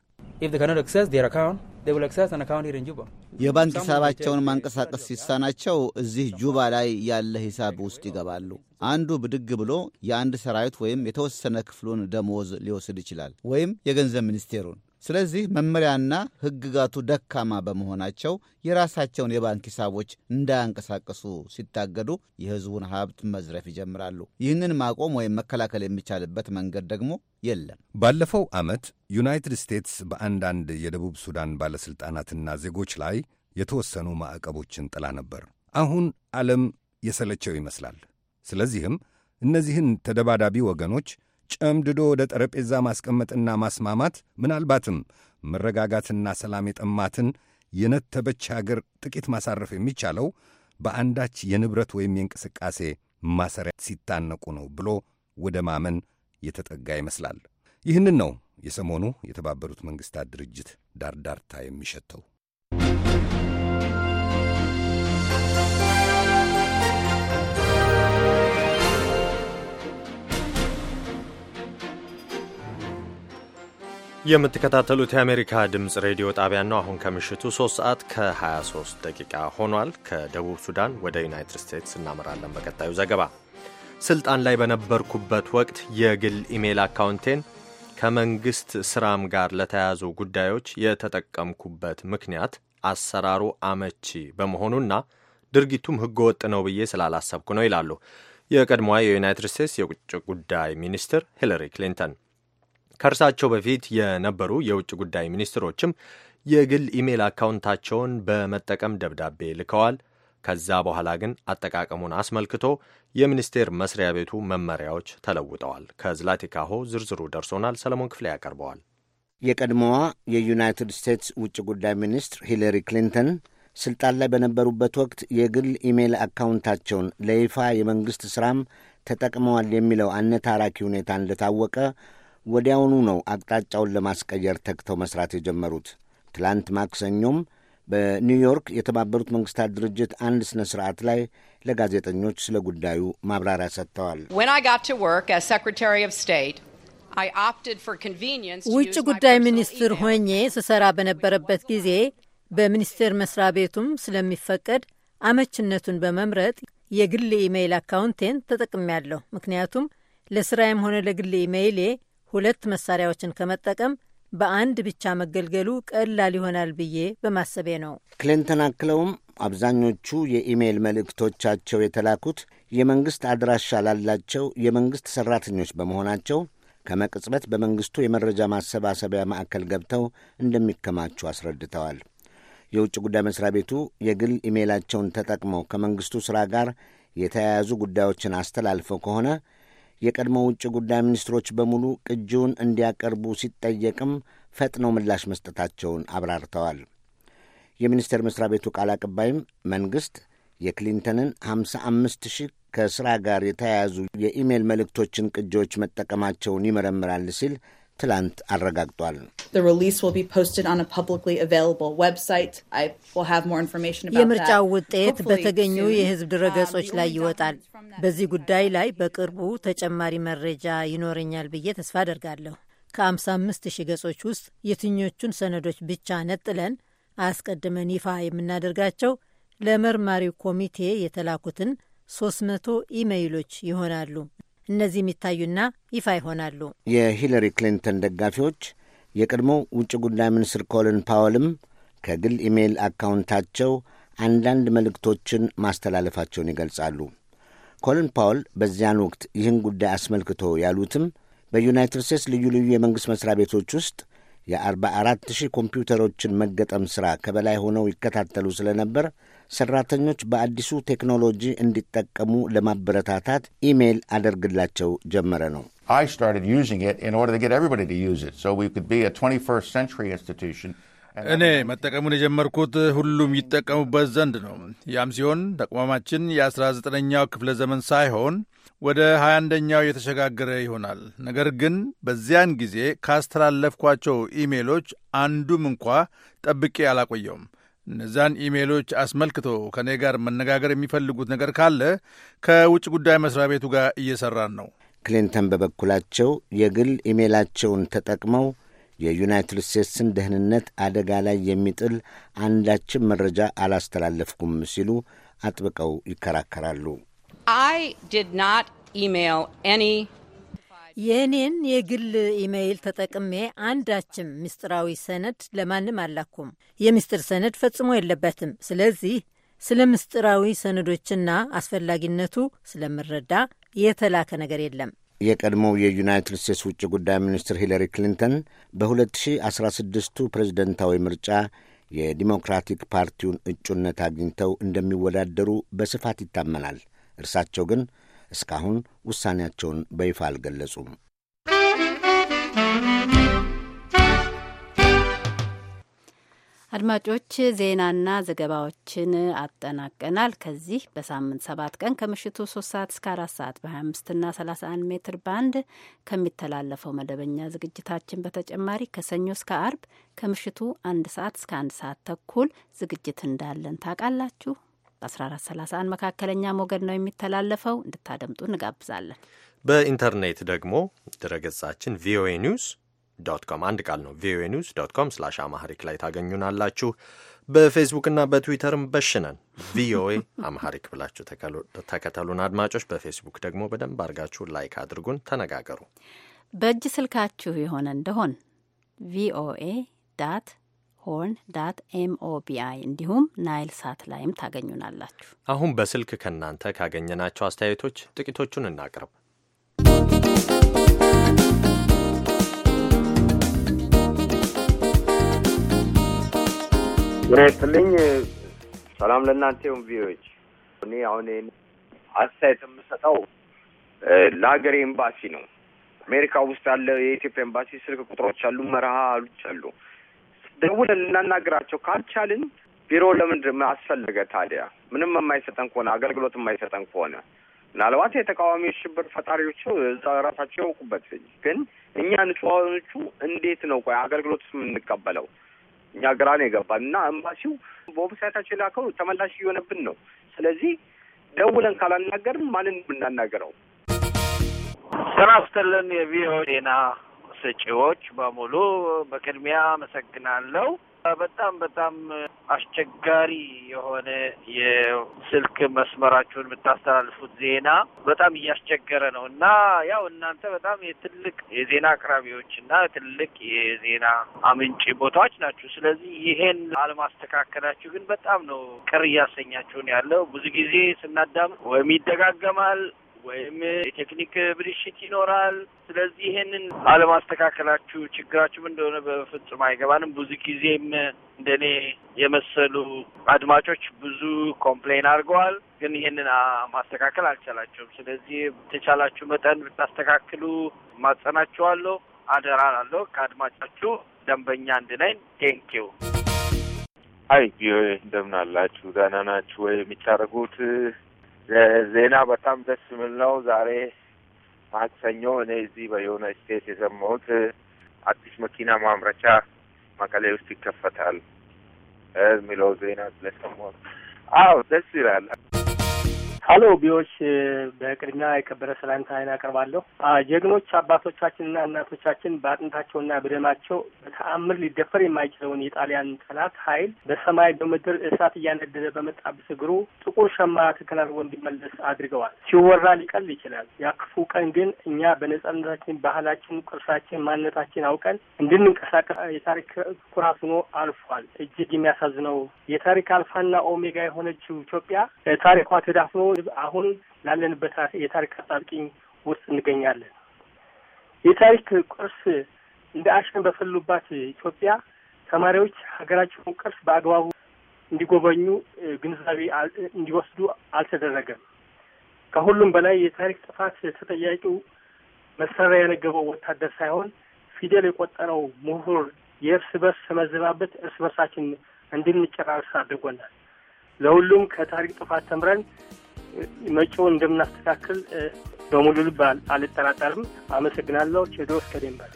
የባንክ ሂሳባቸውን ማንቀሳቀስ ሲሳናቸው እዚህ ጁባ ላይ ያለ ሂሳብ ውስጥ ይገባሉ። አንዱ ብድግ ብሎ የአንድ ሰራዊት ወይም የተወሰነ ክፍሉን ደሞዝ ሊወስድ ይችላል ወይም የገንዘብ ሚኒስቴሩን። ስለዚህ መመሪያና ሕግጋቱ ደካማ በመሆናቸው የራሳቸውን የባንክ ሂሳቦች እንዳያንቀሳቀሱ ሲታገዱ የሕዝቡን ሀብት መዝረፍ ይጀምራሉ። ይህንን ማቆም ወይም መከላከል የሚቻልበት መንገድ ደግሞ የለም። ባለፈው ዓመት ዩናይትድ ስቴትስ በአንዳንድ የደቡብ ሱዳን ባለሥልጣናትና ዜጎች ላይ የተወሰኑ ማዕቀቦችን ጥላ ነበር። አሁን ዓለም የሰለቸው ይመስላል። ስለዚህም እነዚህን ተደባዳቢ ወገኖች ጨምድዶ ወደ ጠረጴዛ ማስቀመጥና ማስማማት ምናልባትም መረጋጋትና ሰላም የጠማትን የነተበች አገር ጥቂት ማሳረፍ የሚቻለው በአንዳች የንብረት ወይም የእንቅስቃሴ ማሰሪያ ሲታነቁ ነው ብሎ ወደ ማመን የተጠጋ ይመስላል። ይህንን ነው የሰሞኑ የተባበሩት መንግሥታት ድርጅት ዳርዳርታ የሚሸተው። የምትከታተሉት የአሜሪካ ድምፅ ሬዲዮ ጣቢያን ነው። አሁን ከምሽቱ 3 ሰዓት ከ23 ደቂቃ ሆኗል። ከደቡብ ሱዳን ወደ ዩናይትድ ስቴትስ እናመራለን። በቀጣዩ ዘገባ ስልጣን ላይ በነበርኩበት ወቅት የግል ኢሜይል አካውንቴን ከመንግሥት ስራም ጋር ለተያያዙ ጉዳዮች የተጠቀምኩበት ምክንያት አሰራሩ አመቺ በመሆኑና ድርጊቱም ሕገወጥ ነው ብዬ ስላላሰብኩ ነው ይላሉ የቀድሞዋ የዩናይትድ ስቴትስ የውጭ ጉዳይ ሚኒስትር ሂለሪ ክሊንተን። ከእርሳቸው በፊት የነበሩ የውጭ ጉዳይ ሚኒስትሮችም የግል ኢሜይል አካውንታቸውን በመጠቀም ደብዳቤ ልከዋል። ከዛ በኋላ ግን አጠቃቀሙን አስመልክቶ የሚኒስቴር መስሪያ ቤቱ መመሪያዎች ተለውጠዋል። ከዝላቲካሆ ዝርዝሩ ደርሶናል። ሰለሞን ክፍሌ ያቀርበዋል። የቀድሞዋ የዩናይትድ ስቴትስ ውጭ ጉዳይ ሚኒስትር ሂለሪ ክሊንተን ስልጣን ላይ በነበሩበት ወቅት የግል ኢሜይል አካውንታቸውን ለይፋ የመንግሥት ሥራም ተጠቅመዋል የሚለው አነታራኪ ሁኔታ እንደታወቀ ወዲያውኑ ነው አቅጣጫውን ለማስቀየር ተግተው መስራት የጀመሩት። ትላንት ማክሰኞም በኒውዮርክ የተባበሩት መንግስታት ድርጅት አንድ ስነ ስርዓት ላይ ለጋዜጠኞች ስለ ጉዳዩ ማብራሪያ ሰጥተዋል። ውጭ ጉዳይ ሚኒስትር ሆኜ ስሰራ በነበረበት ጊዜ በሚኒስቴር መስሪያ ቤቱም ስለሚፈቀድ አመችነቱን በመምረጥ የግል ኢሜይል አካውንቴን ተጠቅሜያለሁ። ምክንያቱም ለስራዬም ሆነ ለግል ኢሜይሌ ሁለት መሳሪያዎችን ከመጠቀም በአንድ ብቻ መገልገሉ ቀላል ይሆናል ብዬ በማሰቤ ነው። ክሊንተን አክለውም አብዛኞቹ የኢሜይል መልእክቶቻቸው የተላኩት የመንግሥት አድራሻ ላላቸው የመንግሥት ሠራተኞች በመሆናቸው ከመቅጽበት በመንግሥቱ የመረጃ ማሰባሰቢያ ማዕከል ገብተው እንደሚከማቹ አስረድተዋል። የውጭ ጉዳይ መሥሪያ ቤቱ የግል ኢሜይላቸውን ተጠቅመው ከመንግሥቱ ሥራ ጋር የተያያዙ ጉዳዮችን አስተላልፈው ከሆነ የቀድሞ ውጭ ጉዳይ ሚኒስትሮች በሙሉ ቅጂውን እንዲያቀርቡ ሲጠየቅም ፈጥነው ምላሽ መስጠታቸውን አብራርተዋል። የሚኒስቴር መስሪያ ቤቱ ቃል አቀባይም መንግሥት የክሊንተንን 55 ሺህ ከሥራ ጋር የተያያዙ የኢሜል መልእክቶችን ቅጂዎች መጠቀማቸውን ይመረምራል ሲል ትላንት አረጋግጧል። የምርጫው ውጤት በተገኙ የህዝብ ድረገጾች um, ላይ ይወጣል። በዚህ ጉዳይ ላይ በቅርቡ ተጨማሪ መረጃ ይኖረኛል ብዬ ተስፋ አደርጋለሁ። ከ55 ሺህ ገጾች ውስጥ የትኞቹን ሰነዶች ብቻ ነጥለን አስቀድመን ይፋ የምናደርጋቸው ለመርማሪው ኮሚቴ የተላኩትን 300 ኢሜይሎች ይሆናሉ። እነዚህ የሚታዩና ይፋ ይሆናሉ። የሂለሪ ክሊንተን ደጋፊዎች የቀድሞው ውጭ ጉዳይ ሚኒስትር ኮልን ፓወልም ከግል ኢሜይል አካውንታቸው አንዳንድ መልእክቶችን ማስተላለፋቸውን ይገልጻሉ። ኮልን ፓውል በዚያን ወቅት ይህን ጉዳይ አስመልክቶ ያሉትም በዩናይትድ ስቴትስ ልዩ ልዩ የመንግሥት መሥሪያ ቤቶች ውስጥ የ44 ሺህ ኮምፒውተሮችን መገጠም ሥራ ከበላይ ሆነው ይከታተሉ ስለነበር ሠራተኞች በአዲሱ ቴክኖሎጂ እንዲጠቀሙ ለማበረታታት ኢሜይል አደርግላቸው ጀመረ ነው። I started using it in order to get everybody to use it so we could be a 21st century institution. እኔ መጠቀሙን የጀመርኩት ሁሉም ይጠቀሙበት ዘንድ ነው። ያም ሲሆን ተቋማችን የ19ኛው ክፍለ ዘመን ሳይሆን ወደ 21ኛው የተሸጋገረ ይሆናል። ነገር ግን በዚያን ጊዜ ካስተላለፍኳቸው ኢሜሎች አንዱም እንኳ ጠብቄ አላቆየውም። እነዚያን ኢሜሎች አስመልክቶ ከእኔ ጋር መነጋገር የሚፈልጉት ነገር ካለ ከውጭ ጉዳይ መስሪያ ቤቱ ጋር እየሰራን ነው። ክሊንተን በበኩላቸው የግል ኢሜላቸውን ተጠቅመው የዩናይትድ ስቴትስን ደህንነት አደጋ ላይ የሚጥል አንዳችም መረጃ አላስተላለፍኩም ሲሉ አጥብቀው ይከራከራሉ። የእኔን የግል ኢሜይል ተጠቅሜ አንዳችም ምስጢራዊ ሰነድ ለማንም አላኩም። የምስጢር ሰነድ ፈጽሞ የለበትም። ስለዚህ ስለ ምስጢራዊ ሰነዶችና አስፈላጊነቱ ስለምረዳ የተላከ ነገር የለም። የቀድሞው የዩናይትድ ስቴትስ ውጭ ጉዳይ ሚኒስትር ሂለሪ ክሊንተን በ2016ቱ ፕሬዝደንታዊ ምርጫ የዲሞክራቲክ ፓርቲውን እጩነት አግኝተው እንደሚወዳደሩ በስፋት ይታመናል። እርሳቸው ግን እስካሁን ውሳኔያቸውን በይፋ አልገለጹም። አድማጮች ዜናና ዘገባዎችን አጠናቀናል። ከዚህ በሳምንት ሰባት ቀን ከምሽቱ ሶስት ሰዓት እስከ አራት ሰዓት በ25 ና 31 ሜትር ባንድ ከሚተላለፈው መደበኛ ዝግጅታችን በተጨማሪ ከሰኞ እስከ አርብ ከምሽቱ አንድ ሰዓት እስከ አንድ ሰዓት ተኩል ዝግጅት እንዳለን ታውቃላችሁ። በ1431 መካከለኛ ሞገድ ነው የሚተላለፈው። እንድታደምጡ እንጋብዛለን። በኢንተርኔት ደግሞ ድረገጻችን ቪኦኤ ኒውስ ዶት ኮም አንድ ቃል ነው። ቪኦኤ ኒውስ ዶት ኮም ስላሽ አማሐሪክ ላይ ታገኙናላችሁ። በፌስቡክና በትዊተርም በሽነን ቪኦኤ አማሐሪክ ብላችሁ ተከተሉን። አድማጮች በፌስቡክ ደግሞ በደንብ አድርጋችሁ ላይክ አድርጉን፣ ተነጋገሩ። በእጅ ስልካችሁ የሆነ እንደሆን ቪኦኤ ዳት ሆርን ዳት ኤምኦቢአይ እንዲሁም ናይል ሳት ላይም ታገኙናላችሁ። አሁን በስልክ ከእናንተ ካገኘናቸው አስተያየቶች ጥቂቶቹን እናቅርብ። ጤና ይስጥልኝ። ሰላም ለእናንተ ይሁን። ቪዎች እኔ አሁን አስተያየት የምሰጠው ለሀገሬ ኤምባሲ ነው። አሜሪካ ውስጥ ያለ የኢትዮጵያ ኤምባሲ ስልክ ቁጥሮች አሉ፣ መርሃ አሉች አሉ። ደውለን ልናናገራቸው ካልቻልን ቢሮ ለምንድን አስፈለገ ታዲያ? ምንም የማይሰጠን ከሆነ አገልግሎት የማይሰጠን ከሆነ ምናልባት የተቃዋሚዎች ሽብር ፈጣሪዎቹ እዛ ራሳቸው ያውቁበት፣ ግን እኛ ንጹሐኖቹ እንዴት ነው ቆይ አገልግሎት የምንቀበለው? እኛ ግራ ነው የገባን እና ኤምባሲው በዌብሳይታቸው የላከው ተመላሽ እየሆነብን ነው። ስለዚህ ደውለን ካላናገርን ማንን የምናናገረው? ጤና ይስጥልን የቪኦኤ ዜና ሰጪዎች በሙሉ በቅድሚያ አመሰግናለሁ። በጣም በጣም አስቸጋሪ የሆነ የስልክ መስመራችሁን የምታስተላልፉት ዜና በጣም እያስቸገረ ነው እና ያው እናንተ በጣም የትልቅ የዜና አቅራቢዎች እና ትልቅ የዜና አምንጭ ቦታዎች ናችሁ። ስለዚህ ይሄን አለማስተካከላችሁ ግን በጣም ነው ቅር እያሰኛችሁን ያለው። ብዙ ጊዜ ስናዳም ወይም ይደጋገማል ወይም የቴክኒክ ብልሽት ይኖራል። ስለዚህ ይሄንን አለማስተካከላችሁ ችግራችሁም እንደሆነ በፍጹም አይገባንም። ብዙ ጊዜም እንደኔ የመሰሉ አድማጮች ብዙ ኮምፕሌን አድርገዋል፣ ግን ይሄንን ማስተካከል አልቻላቸውም። ስለዚህ የተቻላችሁ መጠን ብታስተካክሉ ማጸናችኋለሁ፣ አደራ ላለሁ ከአድማጫችሁ ደንበኛ አንድ ቴንኪው አይ ቪኦኤ እንደምን አላችሁ? ደህና ናችሁ ወይ? የሚታረጉት ዜና በጣም ደስ የሚል ነው። ዛሬ ማክሰኞ እኔ እዚህ በየሆነ ስቴት የሰማሁት አዲስ መኪና ማምረቻ መቀሌ ውስጥ ይከፈታል የሚለው ዜና ስለሰማሁ አዎ ደስ ይላል። ሀሎ ቢዎች በቅድሚያ የከበረ ሰላምታዬን አቀርባለሁ። ጀግኖች አባቶቻችንና እናቶቻችን በአጥንታቸውና በደማቸው በተአምር ሊደፈር የማይችለውን የጣሊያን ጠላት ኃይል በሰማይ በምድር እሳት እያነደደ በመጣብስ እግሩ ጥቁር ሸማ ተከናንቦ እንዲመለስ አድርገዋል። ሲወራ ሊቀል ይችላል። ያክፉ ቀን ግን እኛ በነጻነታችን ባህላችን፣ ቅርሳችን፣ ማንነታችን አውቀን እንድንንቀሳቀስ የታሪክ ኩራት ሆኖ አልፏል። እጅግ የሚያሳዝነው የታሪክ አልፋና ኦሜጋ የሆነችው ኢትዮጵያ ታሪኳ ተዳፍኖ አሁን ላለንበት የታሪክ አጣብቂኝ ውስጥ እንገኛለን። የታሪክ ቅርስ እንደ አሸን በፈሉባት ኢትዮጵያ ተማሪዎች ሀገራቸውን ቅርስ በአግባቡ እንዲጎበኙ ግንዛቤ እንዲወስዱ አልተደረገም። ከሁሉም በላይ የታሪክ ጥፋት ተጠያቂው መሳሪያ ያነገበው ወታደር ሳይሆን ፊደል የቆጠረው ምሁር የእርስ በርስ መዘባበት እርስ በርሳችን እንድንጨራርስ አድርጎናል። ለሁሉም ከታሪክ ጥፋት ተምረን መጪው እንደምናስተካክል በሙሉ ልብ አልጠራጠርም። አመሰግናለሁ። ቼዶ እስከ ዴንበር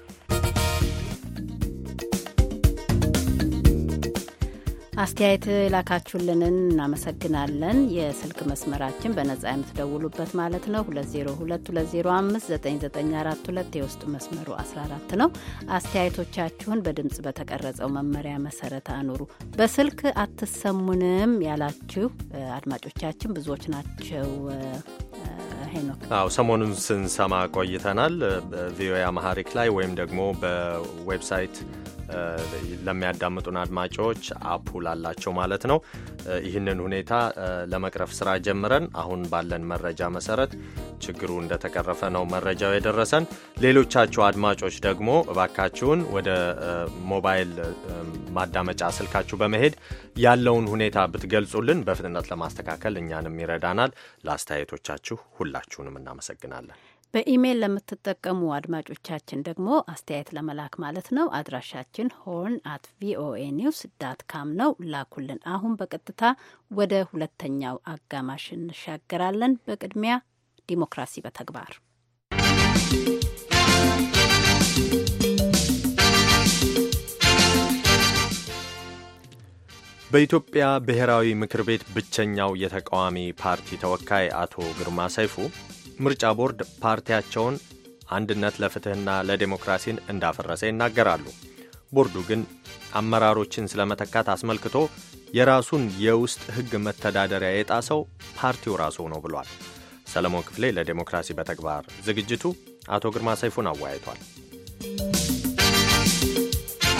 አስተያየት ላካችሁልንን እናመሰግናለን። የስልክ መስመራችን በነጻ የምትደውሉበት ማለት ነው 2022059942 የውስጥ መስመሩ 14 ነው። አስተያየቶቻችሁን በድምፅ በተቀረጸው መመሪያ መሰረት አኑሩ። በስልክ አትሰሙንም ያላችሁ አድማጮቻችን ብዙዎች ናቸው። ሄኖክ አዎ፣ ሰሞኑን ስንሰማ ቆይተናል። ቪኦኤ አማሃሪክ ላይ ወይም ደግሞ በዌብሳይት ለሚያዳምጡን አድማጮች አፑል አላቸው ማለት ነው። ይህንን ሁኔታ ለመቅረፍ ስራ ጀምረን አሁን ባለን መረጃ መሰረት ችግሩ እንደተቀረፈ ነው መረጃው የደረሰን። ሌሎቻችሁ አድማጮች ደግሞ እባካችሁን ወደ ሞባይል ማዳመጫ ስልካችሁ በመሄድ ያለውን ሁኔታ ብትገልጹልን በፍጥነት ለማስተካከል እኛንም ይረዳናል። ለአስተያየቶቻችሁ ሁላችሁንም እናመሰግናለን። በኢሜይል ለምትጠቀሙ አድማጮቻችን ደግሞ አስተያየት ለመላክ ማለት ነው አድራሻችን ሆርን አት ቪኦኤ ኒውስ ዳት ካም ነው። ላኩልን። አሁን በቀጥታ ወደ ሁለተኛው አጋማሽ እንሻገራለን። በቅድሚያ ዲሞክራሲ በተግባር በኢትዮጵያ ብሔራዊ ምክር ቤት ብቸኛው የተቃዋሚ ፓርቲ ተወካይ አቶ ግርማ ሰይፉ ምርጫ ቦርድ ፓርቲያቸውን አንድነት ለፍትህና ለዴሞክራሲን እንዳፈረሰ ይናገራሉ። ቦርዱ ግን አመራሮችን ስለመተካት አስመልክቶ የራሱን የውስጥ ሕግ መተዳደሪያ የጣሰው ፓርቲው ራሱ ነው ብሏል። ሰለሞን ክፍሌ ለዴሞክራሲ በተግባር ዝግጅቱ አቶ ግርማ ሰይፉን አወያይቷል።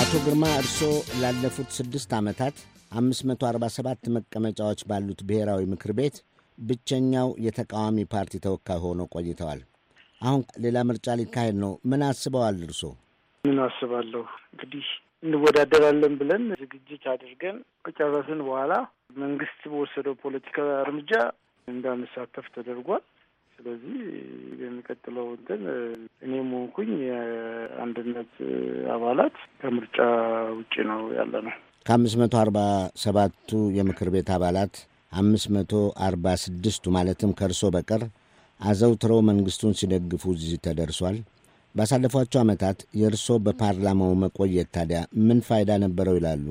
አቶ ግርማ እርስዎ ላለፉት ስድስት ዓመታት 547 መቀመጫዎች ባሉት ብሔራዊ ምክር ቤት ብቸኛው የተቃዋሚ ፓርቲ ተወካይ ሆኖ ቆይተዋል። አሁን ሌላ ምርጫ ሊካሄድ ነው። ምን አስበዋል እርሶ? ምን አስባለሁ እንግዲህ እንወዳደራለን ብለን ዝግጅት አድርገን ከጨረስን በኋላ መንግስት በወሰደው ፖለቲካ እርምጃ እንዳንሳተፍ ተደርጓል። ስለዚህ የሚቀጥለው እንትን እኔ ሆንኩኝ የአንድነት አባላት ከምርጫ ውጭ ነው ያለ ነው። ከአምስት መቶ አርባ ሰባቱ የምክር ቤት አባላት 546ቱ ማለትም ከእርሶ በቀር አዘውትረው መንግሥቱን ሲደግፉ እዚህ ተደርሷል። ባሳለፏቸው ዓመታት የእርሶ በፓርላማው መቆየት ታዲያ ምን ፋይዳ ነበረው ይላሉ?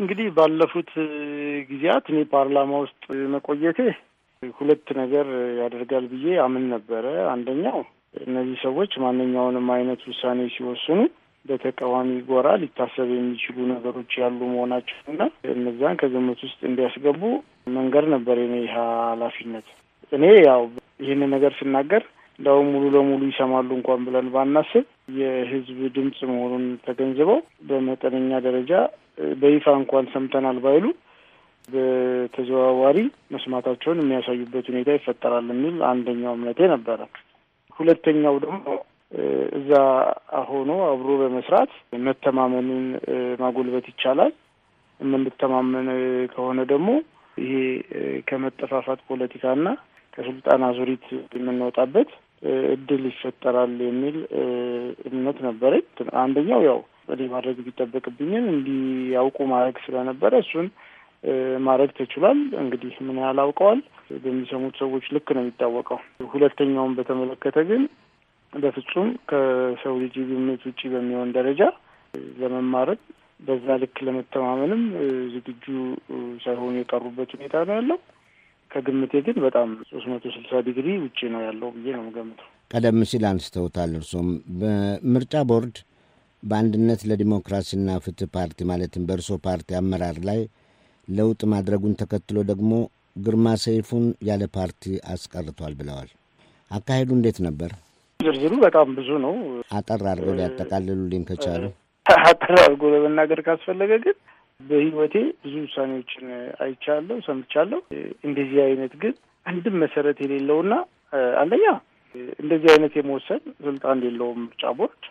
እንግዲህ ባለፉት ጊዜያት እኔ ፓርላማ ውስጥ መቆየቴ ሁለት ነገር ያደርጋል ብዬ አምን ነበረ። አንደኛው እነዚህ ሰዎች ማንኛውንም አይነት ውሳኔ ሲወስኑ በተቃዋሚ ጎራ ሊታሰብ የሚችሉ ነገሮች ያሉ መሆናቸው እና እነዛን ከግምት ውስጥ እንዲያስገቡ መንገድ ነበር የኔ ኃላፊነት። እኔ ያው ይህን ነገር ስናገር እንዲያውም ሙሉ ለሙሉ ይሰማሉ እንኳን ብለን ባናስብ የህዝብ ድምፅ መሆኑን ተገንዝበው በመጠነኛ ደረጃ በይፋ እንኳን ሰምተናል ባይሉ በተዘዋዋሪ መስማታቸውን የሚያሳዩበት ሁኔታ ይፈጠራል የሚል አንደኛው እምነቴ ነበረ። ሁለተኛው ደግሞ እዛ ሆኖ አብሮ በመስራት መተማመንን ማጎልበት ይቻላል። የምንተማመን ከሆነ ደግሞ ይሄ ከመጠፋፋት ፖለቲካና ከስልጣን አዙሪት የምንወጣበት እድል ይፈጠራል የሚል እምነት ነበረኝ። አንደኛው ያው እኔ ማድረግ ቢጠበቅብኝም እንዲያውቁ ማድረግ ስለነበረ እሱን ማድረግ ተችሏል። እንግዲህ ምን ያህል አውቀዋል በሚሰሙት ሰዎች ልክ ነው የሚታወቀው። ሁለተኛውን በተመለከተ ግን በፍጹም ከሰው ልጅ ግምት ውጭ በሚሆን ደረጃ ለመማረጥ በዛ ልክ ለመተማመንም ዝግጁ ሳይሆኑ የቀሩበት ሁኔታ ነው ያለው። ከግምቴ ግን በጣም ሶስት መቶ ስልሳ ዲግሪ ውጭ ነው ያለው ብዬ ነው የምገምተው። ቀደም ሲል አንስተውታል። እርሶም በምርጫ ቦርድ በአንድነት ለዲሞክራሲና ፍትህ ፓርቲ ማለትም በእርሶ ፓርቲ አመራር ላይ ለውጥ ማድረጉን ተከትሎ ደግሞ ግርማ ሰይፉን ያለ ፓርቲ አስቀርቷል ብለዋል። አካሄዱ እንዴት ነበር? ዝርዝሩ በጣም ብዙ ነው። አጠር አድርገው ሊያጠቃልሉልኝ ከቻሉ። አጠር አድርጎ ለመናገር ካስፈለገ ግን በህይወቴ ብዙ ውሳኔዎችን አይቻለሁ፣ ሰምቻለሁ። እንደዚህ አይነት ግን አንድም መሰረት የሌለውና አንደኛ እንደዚህ አይነት የመወሰን ስልጣን የለውም ምርጫ ቦርድ።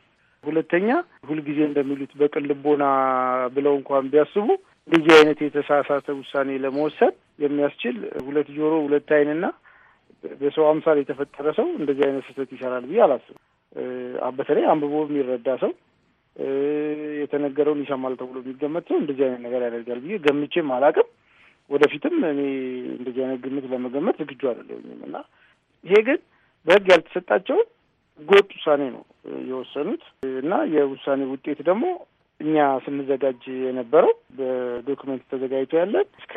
ሁለተኛ ሁልጊዜ እንደሚሉት በቅን ልቦና ብለው እንኳን ቢያስቡ እንደዚህ አይነት የተሳሳተ ውሳኔ ለመወሰን የሚያስችል ሁለት ጆሮ ሁለት አይንና በሰው አምሳል የተፈጠረ ሰው እንደዚህ አይነት ስህተት ይሰራል ብዬ አላስብም። በተለይ አንብቦ የሚረዳ ሰው የተነገረውን ይሰማል ተብሎ የሚገመት ሰው እንደዚህ አይነት ነገር ያደርጋል ብዬ ገምቼም አላቅም። ወደፊትም እኔ እንደዚህ አይነት ግምት ለመገመት ዝግጁ አይደለሁኝም እና ይሄ ግን በህግ ያልተሰጣቸውን ህገወጥ ውሳኔ ነው የወሰኑት እና የውሳኔ ውጤት ደግሞ እኛ ስንዘጋጅ የነበረው በዶክመንት ተዘጋጅቶ ያለን እስከ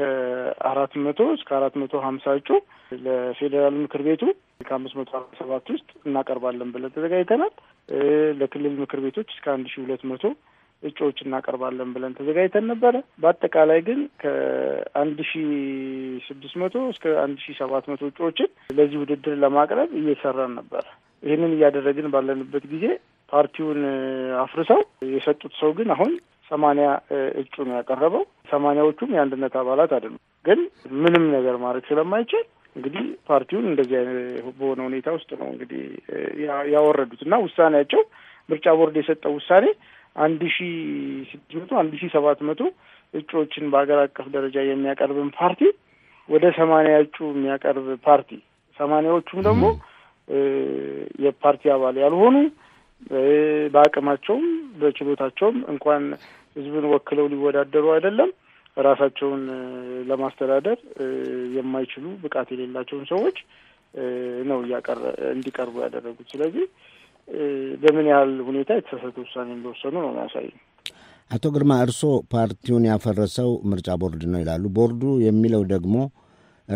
አራት መቶ እስከ አራት መቶ ሀምሳ እጩ ለፌዴራል ምክር ቤቱ ከአምስት መቶ አርባ ሰባት ውስጥ እናቀርባለን ብለን ተዘጋጅተናል። ለክልል ምክር ቤቶች እስከ አንድ ሺ ሁለት መቶ እጩዎች እናቀርባለን ብለን ተዘጋጅተን ነበረ። በአጠቃላይ ግን ከአንድ ሺ ስድስት መቶ እስከ አንድ ሺ ሰባት መቶ እጩዎችን ለዚህ ውድድር ለማቅረብ እየሰራን ነበረ። ይህንን እያደረግን ባለንበት ጊዜ ፓርቲውን አፍርሰው የሰጡት ሰው ግን አሁን ሰማንያ እጩ ነው ያቀረበው። ሰማንያዎቹም የአንድነት አባላት አይደሉም። ግን ምንም ነገር ማድረግ ስለማይችል እንግዲህ ፓርቲውን እንደዚህ አይነት በሆነ ሁኔታ ውስጥ ነው እንግዲህ ያወረዱት እና ውሳኔያቸው ምርጫ ቦርድ የሰጠው ውሳኔ አንድ ሺ ስድስት መቶ አንድ ሺ ሰባት መቶ እጩዎችን በሀገር አቀፍ ደረጃ የሚያቀርብን ፓርቲ ወደ ሰማንያ እጩ የሚያቀርብ ፓርቲ ሰማንያዎቹም ደግሞ የፓርቲ አባል ያልሆኑ በአቅማቸውም በችሎታቸውም እንኳን ህዝብን ወክለው ሊወዳደሩ አይደለም ራሳቸውን ለማስተዳደር የማይችሉ ብቃት የሌላቸውን ሰዎች ነው እያቀረ እንዲቀርቡ ያደረጉት። ስለዚህ በምን ያህል ሁኔታ የተሳሳተ ውሳኔ እንደወሰኑ ነው የሚያሳይ። አቶ ግርማ እርስዎ ፓርቲውን ያፈረሰው ምርጫ ቦርድ ነው ይላሉ። ቦርዱ የሚለው ደግሞ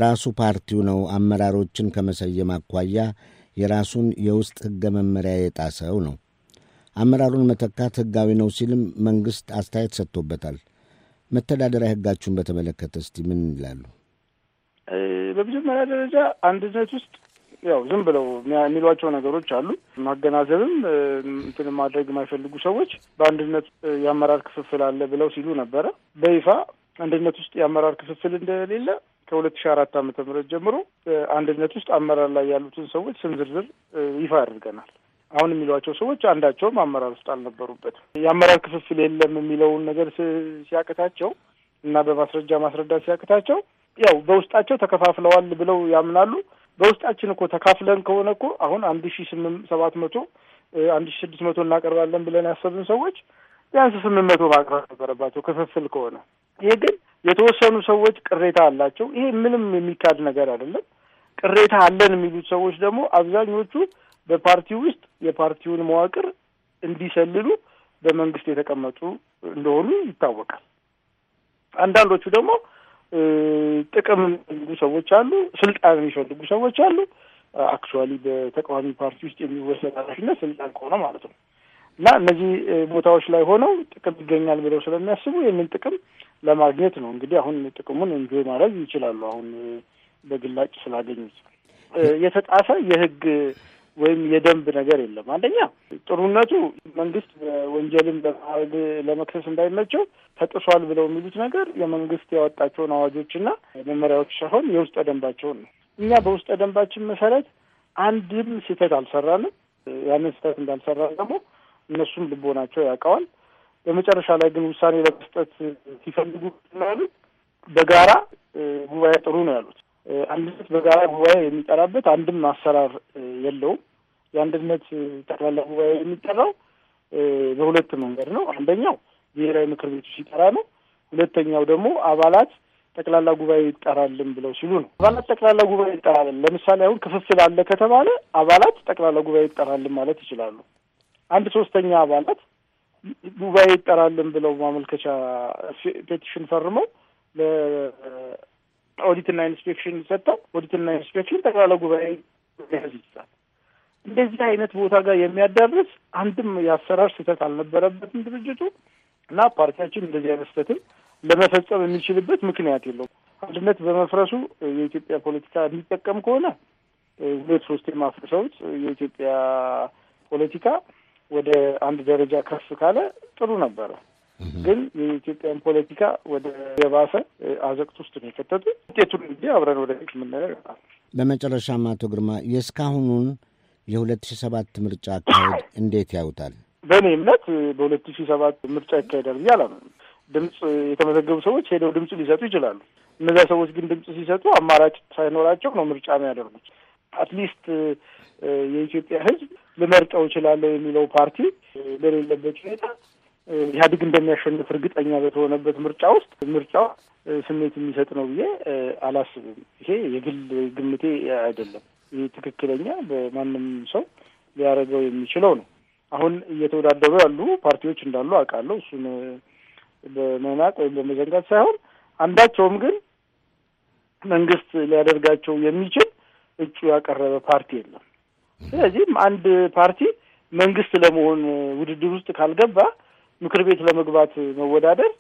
ራሱ ፓርቲው ነው አመራሮችን ከመሰየም አኳያ የራሱን የውስጥ ሕገ መመሪያ የጣሰው ነው። አመራሩን መተካት ሕጋዊ ነው ሲልም መንግሥት አስተያየት ሰጥቶበታል። መተዳደሪያ ሕጋችሁን በተመለከተ እስቲ ምን ይላሉ? በመጀመሪያ ደረጃ አንድነት ውስጥ ያው ዝም ብለው የሚሏቸው ነገሮች አሉ። ማገናዘብም እንትን ማድረግ የማይፈልጉ ሰዎች በአንድነት የአመራር ክፍፍል አለ ብለው ሲሉ ነበረ። በይፋ አንድነት ውስጥ የአመራር ክፍፍል እንደሌለ ከሁለት ሺ አራት ዓመተ ምህረት ጀምሮ አንድነት ውስጥ አመራር ላይ ያሉትን ሰዎች ስም ዝርዝር ይፋ አድርገናል። አሁን የሚሏቸው ሰዎች አንዳቸውም አመራር ውስጥ አልነበሩበትም። የአመራር ክፍፍል የለም የሚለውን ነገር ሲያቅታቸው እና በማስረጃ ማስረዳት ሲያቅታቸው ያው በውስጣቸው ተከፋፍለዋል ብለው ያምናሉ። በውስጣችን እኮ ተካፍለን ከሆነ እኮ አሁን አንድ ሺ ስምንት ሰባት መቶ አንድ ሺ ስድስት መቶ እናቀርባለን ብለን ያሰብን ሰዎች ቢያንስ ስምንት መቶ ማቅረብ ነበረባቸው ክፍፍል ከሆነ ይሄ ግን የተወሰኑ ሰዎች ቅሬታ አላቸው። ይሄ ምንም የሚካድ ነገር አይደለም። ቅሬታ አለን የሚሉት ሰዎች ደግሞ አብዛኞቹ በፓርቲ ውስጥ የፓርቲውን መዋቅር እንዲሰልሉ በመንግስት የተቀመጡ እንደሆኑ ይታወቃል። አንዳንዶቹ ደግሞ ጥቅም የሚፈልጉ ሰዎች አሉ፣ ስልጣን የሚፈልጉ ሰዎች አሉ። አክቹዋሊ በተቃዋሚ ፓርቲ ውስጥ የሚወሰድ ኃላፊነት ስልጣን ከሆነ ማለት ነው እና እነዚህ ቦታዎች ላይ ሆነው ጥቅም ይገኛል ብለው ስለሚያስቡ ይህንን ጥቅም ለማግኘት ነው እንግዲህ አሁን ጥቅሙን እንጆይ ማድረግ ይችላሉ። አሁን በግላጭ ስላገኙት የተጣሰ የህግ ወይም የደንብ ነገር የለም። አንደኛ ጥሩነቱ መንግስት ወንጀልን በማዕረግ ለመክሰስ እንዳይመቸው ተጥሷል ብለው የሚሉት ነገር የመንግስት ያወጣቸውን አዋጆችና መመሪያዎች ሳይሆን የውስጠ ደንባቸውን ነው። እኛ በውስጠ ደንባችን መሰረት አንድም ስህተት አልሰራንም። ያንን ስህተት እንዳልሰራ ደግሞ እነሱም ልቦናቸው ያውቀዋል። በመጨረሻ ላይ ግን ውሳኔ ለመስጠት ሲፈልጉ ናሉ በጋራ ጉባኤ ጥሩ ነው ያሉት። አንድነት በጋራ ጉባኤ የሚጠራበት አንድም አሰራር የለውም። የአንድነት ጠቅላላ ጉባኤ የሚጠራው በሁለት መንገድ ነው። አንደኛው ብሔራዊ ምክር ቤቱ ሲጠራ ነው። ሁለተኛው ደግሞ አባላት ጠቅላላ ጉባኤ ይጠራልን ብለው ሲሉ ነው። አባላት ጠቅላላ ጉባኤ ይጠራልን። ለምሳሌ አሁን ክፍፍል አለ ከተባለ አባላት ጠቅላላ ጉባኤ ይጠራልን ማለት ይችላሉ። አንድ ሶስተኛ አባላት ጉባኤ ይጠራልን ብለው ማመልከቻ ፔቲሽን ፈርመው ለኦዲትና ኢንስፔክሽን ሰጥተው ኦዲትና ኢንስፔክሽን ጠቅላላ ጉባኤ መያዝ ይችላል። እንደዚህ አይነት ቦታ ጋር የሚያዳርስ አንድም የአሰራር ስህተት አልነበረበትም ድርጅቱ እና ፓርቲያችን እንደዚህ አይነት ስህተትም ለመፈጸም የሚችልበት ምክንያት የለውም። አንድነት በመፍረሱ የኢትዮጵያ ፖለቲካ የሚጠቀም ከሆነ ሁለት ሶስት የማፍረሰውት የኢትዮጵያ ፖለቲካ ወደ አንድ ደረጃ ከፍ ካለ ጥሩ ነበረ። ግን የኢትዮጵያን ፖለቲካ ወደ የባሰ አዘቅት ውስጥ ነው የከተቱ። ውጤቱን እንጂ አብረን ወደፊት የምናየው ይሆናል። በመጨረሻም አቶ ግርማ የእስካሁኑን የሁለት ሺህ ሰባት ምርጫ አካሄድ እንዴት ያዩታል? በእኔ እምነት በሁለት ሺህ ሰባት ምርጫ ይካሄዳል ብዬ አላምንም። ድምፅ የተመዘገቡ ሰዎች ሄደው ድምፅ ሊሰጡ ይችላሉ። እነዚያ ሰዎች ግን ድምፅ ሲሰጡ አማራጭ ሳይኖራቸው ነው ምርጫ ነው ያደርጉት። አትሊስት የኢትዮጵያ ሕዝብ ልመርጠው እችላለሁ የሚለው ፓርቲ በሌለበት ሁኔታ ኢህአዴግ እንደሚያሸንፍ እርግጠኛ በተሆነበት ምርጫ ውስጥ ምርጫው ስሜት የሚሰጥ ነው ብዬ አላስብም። ይሄ የግል ግምቴ አይደለም። ይህ ትክክለኛ በማንም ሰው ሊያደርገው የሚችለው ነው። አሁን እየተወዳደሩ ያሉ ፓርቲዎች እንዳሉ አውቃለሁ። እሱን በመናቅ ወይም በመዘንጋት ሳይሆን አንዳቸውም ግን መንግስት ሊያደርጋቸው የሚችል እጩ ያቀረበ ፓርቲ የለም። ስለዚህም አንድ ፓርቲ መንግስት ለመሆን ውድድር ውስጥ ካልገባ ምክር ቤት ለመግባት መወዳደር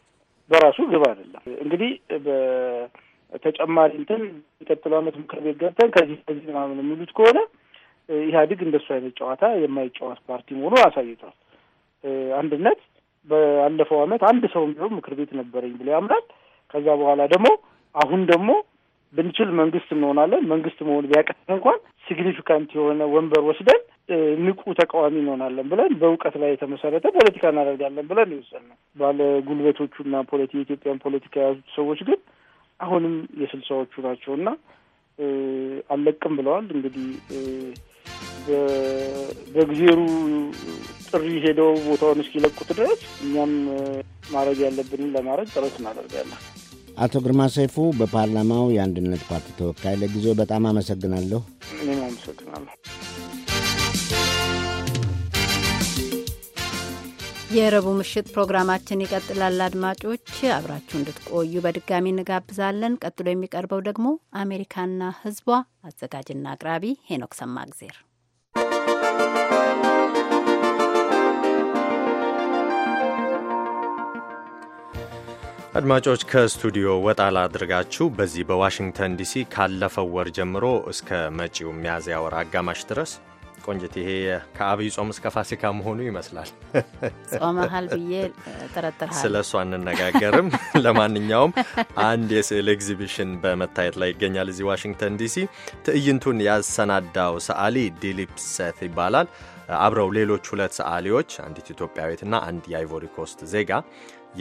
በራሱ ግብ አይደለም። እንግዲህ በተጨማሪ እንትን የሚቀጥለው ምክር ቤት ገብተን ከዚህ ከዚህ ምናምን የሚሉት ከሆነ ኢህአዲግ እንደሱ አይነት ጨዋታ የማይጫወት ፓርቲ መሆኑን አሳይቷል። አንድነት ባለፈው ዓመት አንድ ሰው ቢሆን ምክር ቤት ነበረኝ ብሎ ያምናል። ከዛ በኋላ ደግሞ አሁን ደግሞ ብንችል መንግስት እንሆናለን። መንግስት መሆን ቢያቅተን እንኳን ሲግኒፊካንት የሆነ ወንበር ወስደን ንቁ ተቃዋሚ እንሆናለን ብለን በእውቀት ላይ የተመሰረተ ፖለቲካ እናደርጋለን ብለን ይወሰን ነው። ባለ ጉልበቶቹና ፖለቲ የኢትዮጵያን ፖለቲካ የያዙት ሰዎች ግን አሁንም የስልሳዎቹ ናቸውና አለቅም ብለዋል። እንግዲህ በእግዜሩ ጥሪ ሄደው ቦታውን እስኪለቁት ድረስ እኛም ማድረግ ያለብንን ለማድረግ ጥረት እናደርጋለን። አቶ ግርማ ሰይፉ በፓርላማው የአንድነት ፓርቲ ተወካይ፣ ለጊዜው በጣም አመሰግናለሁ። እኔም አመሰግናለሁ። የረቡዕ ምሽት ፕሮግራማችን ይቀጥላል። አድማጮች አብራችሁ እንድትቆዩ በድጋሚ እንጋብዛለን። ቀጥሎ የሚቀርበው ደግሞ አሜሪካና ሕዝቧ አዘጋጅና አቅራቢ ሄኖክ ሰማእግዜር አድማጮች ከስቱዲዮ ወጣ ላድርጋችሁ። በዚህ በዋሽንግተን ዲሲ ካለፈው ወር ጀምሮ እስከ መጪው ሚያዝያ ወር አጋማሽ ድረስ ቆንጅት፣ ይሄ ከአብይ ጾም እስከ ፋሲካ መሆኑ ይመስላል። ጾመሃል ብዬ ጠረጥርሃል። ስለ እሱ አንነጋገርም። ለማንኛውም አንድ የስዕል ኤግዚቢሽን በመታየት ላይ ይገኛል እዚህ ዋሽንግተን ዲሲ። ትዕይንቱን ያሰናዳው ሰዓሊ ዲሊፕ ሰት ይባላል። አብረው ሌሎች ሁለት ሰዓሊዎች አንዲት ኢትዮጵያዊትና አንድ የአይቮሪ ኮስት ዜጋ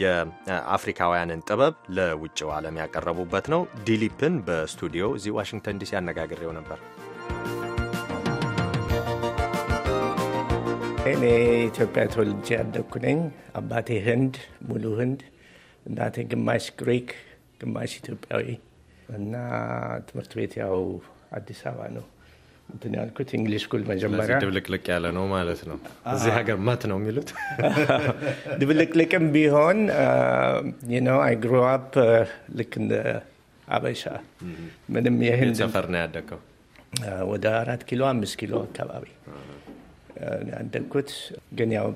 የአፍሪካውያንን ጥበብ ለውጭው ዓለም ያቀረቡበት ነው። ዲሊፕን በስቱዲዮ እዚህ ዋሽንግተን ዲሲ አነጋግሬው ነበር። እኔ ኢትዮጵያ ተወልጄ ያደግኩ ነኝ። አባቴ ህንድ፣ ሙሉ ህንድ፣ እናቴ ግማሽ ግሪክ፣ ግማሽ ኢትዮጵያዊ እና ትምህርት ቤት ያው አዲስ አበባ ነው። እንትን ያልኩት እንግሊሽ ኩል መጀመሪያ ድብልቅልቅ ያለ ነው ማለት ነው። እዚህ ሀገር ማት ነው የሚሉት ድብልቅልቅም ቢሆን ነው። አይ ግሮ አፕ ልክ እንደ አበሻ ምንም ይህን ሰፈር ነው ያደገው። uh, ወደ አራት ኪሎ አምስት ኪሎ አካባቢ uh, ያደግኩት ግን ያው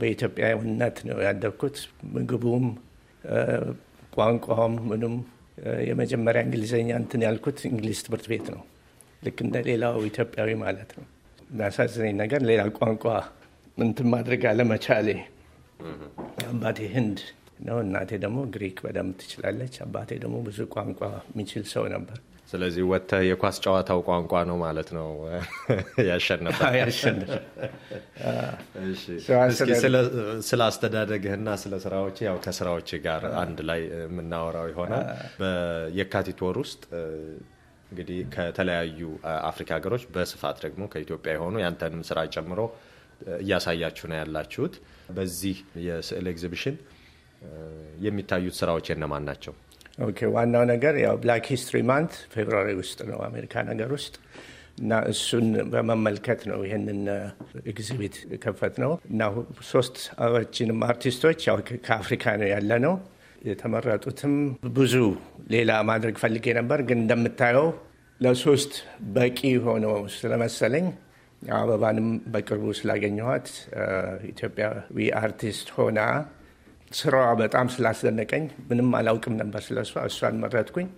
ነት ነው ያደግኩት። ምግቡም፣ uh, ቋንቋውም ምንም የመጀመሪያ እንግሊዝኛ እንትን ያልኩት እንግሊዝ ትምህርት ቤት ነው ልክ እንደ ሌላው ኢትዮጵያዊ ማለት ነው። የሚያሳዝነኝ ነገር ሌላ ቋንቋ እንትን ማድረግ አለመቻሌ። አባቴ ህንድ ነው፣ እናቴ ደግሞ ግሪክ በደንብ ትችላለች። አባቴ ደግሞ ብዙ ቋንቋ የሚችል ሰው ነበር። ስለዚህ ወጥተህ የኳስ ጨዋታው ቋንቋ ነው ማለት ነው ያሸነፈ ስለ አስተዳደግህና ስለ ስራዎች ያው ከስራዎች ጋር አንድ ላይ የምናወራው ይሆናል በየካቲት ወር ውስጥ እንግዲህ ከተለያዩ አፍሪካ ሀገሮች በስፋት ደግሞ ከኢትዮጵያ የሆኑ ያንተንም ስራ ጨምሮ እያሳያችሁ ነው ያላችሁት። በዚህ የስዕል ኤግዚቢሽን የሚታዩት ስራዎች የነማን ናቸው? ኦኬ ዋናው ነገር ያው ብላክ ሂስትሪ ማንት ፌብሩዋሪ ውስጥ ነው አሜሪካ ነገር ውስጥ እና እሱን በመመልከት ነው ይህንን ኤግዚቢት ከፈት ነው እና ሶስት አበችንም አርቲስቶች ያው ከአፍሪካ ነው ያለ ነው የተመረጡትም ብዙ ሌላ ማድረግ ፈልጌ ነበር፣ ግን እንደምታየው ለሶስት በቂ ሆኖ ስለመሰለኝ አበባንም በቅርቡ ስላገኘኋት ኢትዮጵያዊ አርቲስት ሆና ስራዋ በጣም ስላስደነቀኝ ምንም አላውቅም ነበር ስለሷ፣ እሷን መረጥኩኝ።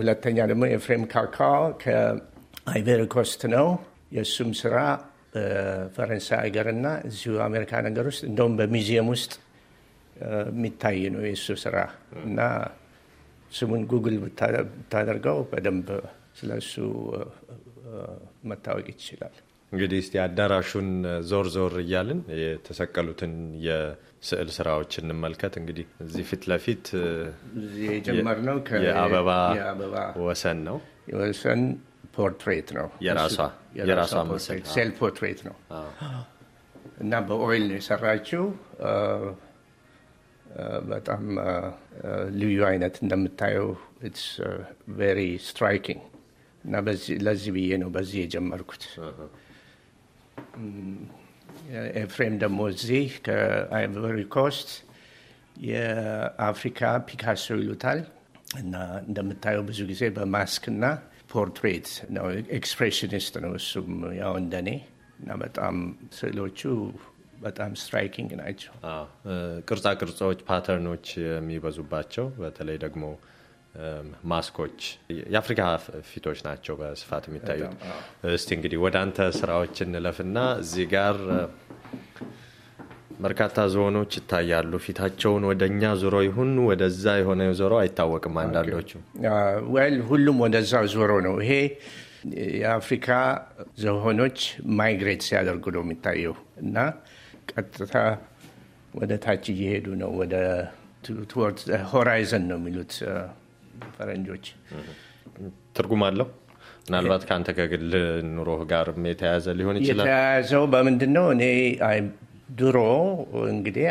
ሁለተኛ ደግሞ የፍሬም ካካ ኮስት ነው። የእሱም ስራ በፈረንሳይ ሀገርና እዚሁ አሜሪካ ነገር ውስጥ እንደውም በሚዚየም ውስጥ የሚታይ ነው የእሱ ስራ እና ስሙን ጉግል ብታደርገው በደንብ ስለ እሱ መታወቅ ይችላል። እንግዲህ እስቲ አዳራሹን ዞር ዞር እያልን የተሰቀሉትን የስዕል ስራዎች እንመልከት። እንግዲህ እዚህ ፊት ለፊት የጀመርነው የአበባ ወሰን ነው። ወሰን ፖርትሬት ነው፣ የራሷ ሴል ፖርትሬት ነው እና በኦይል ነው የሰራችው። Uh, but I'm uh, uh, Liu uh, Yuan at It's very striking. Uh-huh. Um, mm, from the music, uh, I have a request. Yeah, Africa, Picasso, Lutal, and the material was used by mask na portrait, no expressionist, no sum, yeah, on the knee. Now, but I'm so low too. በጣም ስትራይኪንግ ናቸው። ቅርጻ ቅርጾች፣ ፓተርኖች የሚበዙባቸው በተለይ ደግሞ ማስኮች የአፍሪካ ፊቶች ናቸው በስፋት የሚታዩት። እስቲ እንግዲህ ወደ አንተ ስራዎች እንለፍና እዚህ ጋር በርካታ ዝሆኖች ይታያሉ። ፊታቸውን ወደ እኛ ዞሮ ይሁን ወደዛ የሆነ ዞሮ አይታወቅም። አንዳንዶቹ ወል ሁሉም ወደዛ ዞሮ ነው። ይሄ የአፍሪካ ዝሆኖች ማይግሬት ሲያደርጉ ነው የሚታየው እና ቀጥታ ወደ ታች እየሄዱ ነው። ወደ ሆራይዘን ነው የሚሉት uh, ፈረንጆች። ትርጉም አለው። ምናልባት ከአንተ ከግል ኑሮህ ጋር የተያያዘ ሊሆን ይችላል። የተያያዘው በምንድን ነው? እኔ ድሮ እንግዲህ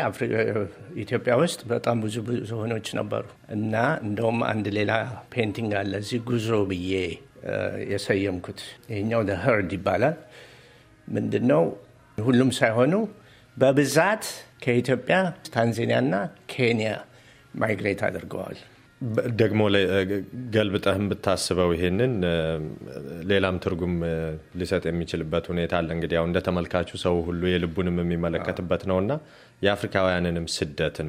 ኢትዮጵያ ውስጥ በጣም ብዙ ዝሆኖች ነበሩ እና እንደውም አንድ ሌላ ፔንቲንግ አለ እዚህ ጉዞ ብዬ uh, የሰየምኩት። ይህኛው ደ ሀርድ ይባላል። ምንድን ነው ሁሉም ሳይሆኑ በብዛት ከኢትዮጵያ ታንዛኒያና ኬንያ ማይግሬት አድርገዋል። ደግሞ ገልብጠህም ብታስበው ይሄንን ሌላም ትርጉም ሊሰጥ የሚችልበት ሁኔታ አለ። እንግዲህ ያው እንደ ተመልካቹ ሰው ሁሉ የልቡንም የሚመለከትበት ነውና የአፍሪካውያንንም ስደትን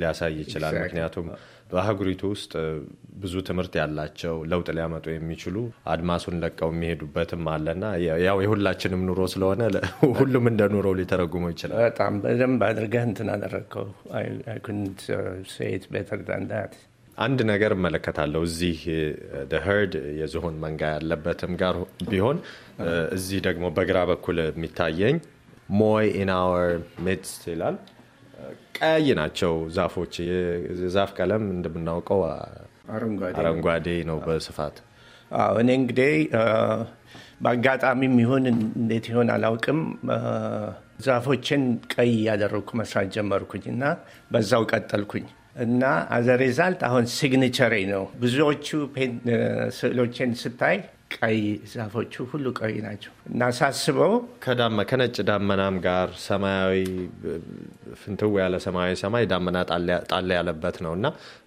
ሊያሳይ ይችላል። ምክንያቱም በአህጉሪቱ ውስጥ ብዙ ትምህርት ያላቸው ለውጥ ሊያመጡ የሚችሉ አድማሱን ለቀው የሚሄዱበትም አለና ያው የሁላችንም ኑሮ ስለሆነ ሁሉም እንደ ኑሮ ሊተረጉመው ይችላል። በጣም በደንብ አድርገህ እንትን አደረግከው። uh, አንድ ነገር እመለከታለሁ እዚህ ደህርድ የዝሆን መንጋ ያለበትም ጋር ቢሆን እዚህ ደግሞ በግራ በኩል የሚታየኝ ሞይ ኢን አወር ሚድስት ይላል። ቀያይ ናቸው ዛፎች። የዛፍ ቀለም እንደምናውቀው አረንጓዴ ነው በስፋት። እኔ እንግዲህ በአጋጣሚ የሚሆን እንዴት ይሆን አላውቅም፣ ዛፎችን ቀይ ያደረግኩ መስራት ጀመርኩኝ እና በዛው ቀጠልኩኝ እና አዘ ሪዛልት አሁን ሲግኒቸሬ ነው። ብዙዎቹ ስዕሎችን ስታይ ቀይ ዛፎቹ ሁሉ ቀይ ናቸው እና ሳስበው ከነጭ ዳመናም ጋር ሰማያዊ ፍንትው ያለ ሰማያዊ ሰማይ ዳመና ጣል ያለበት ነው እና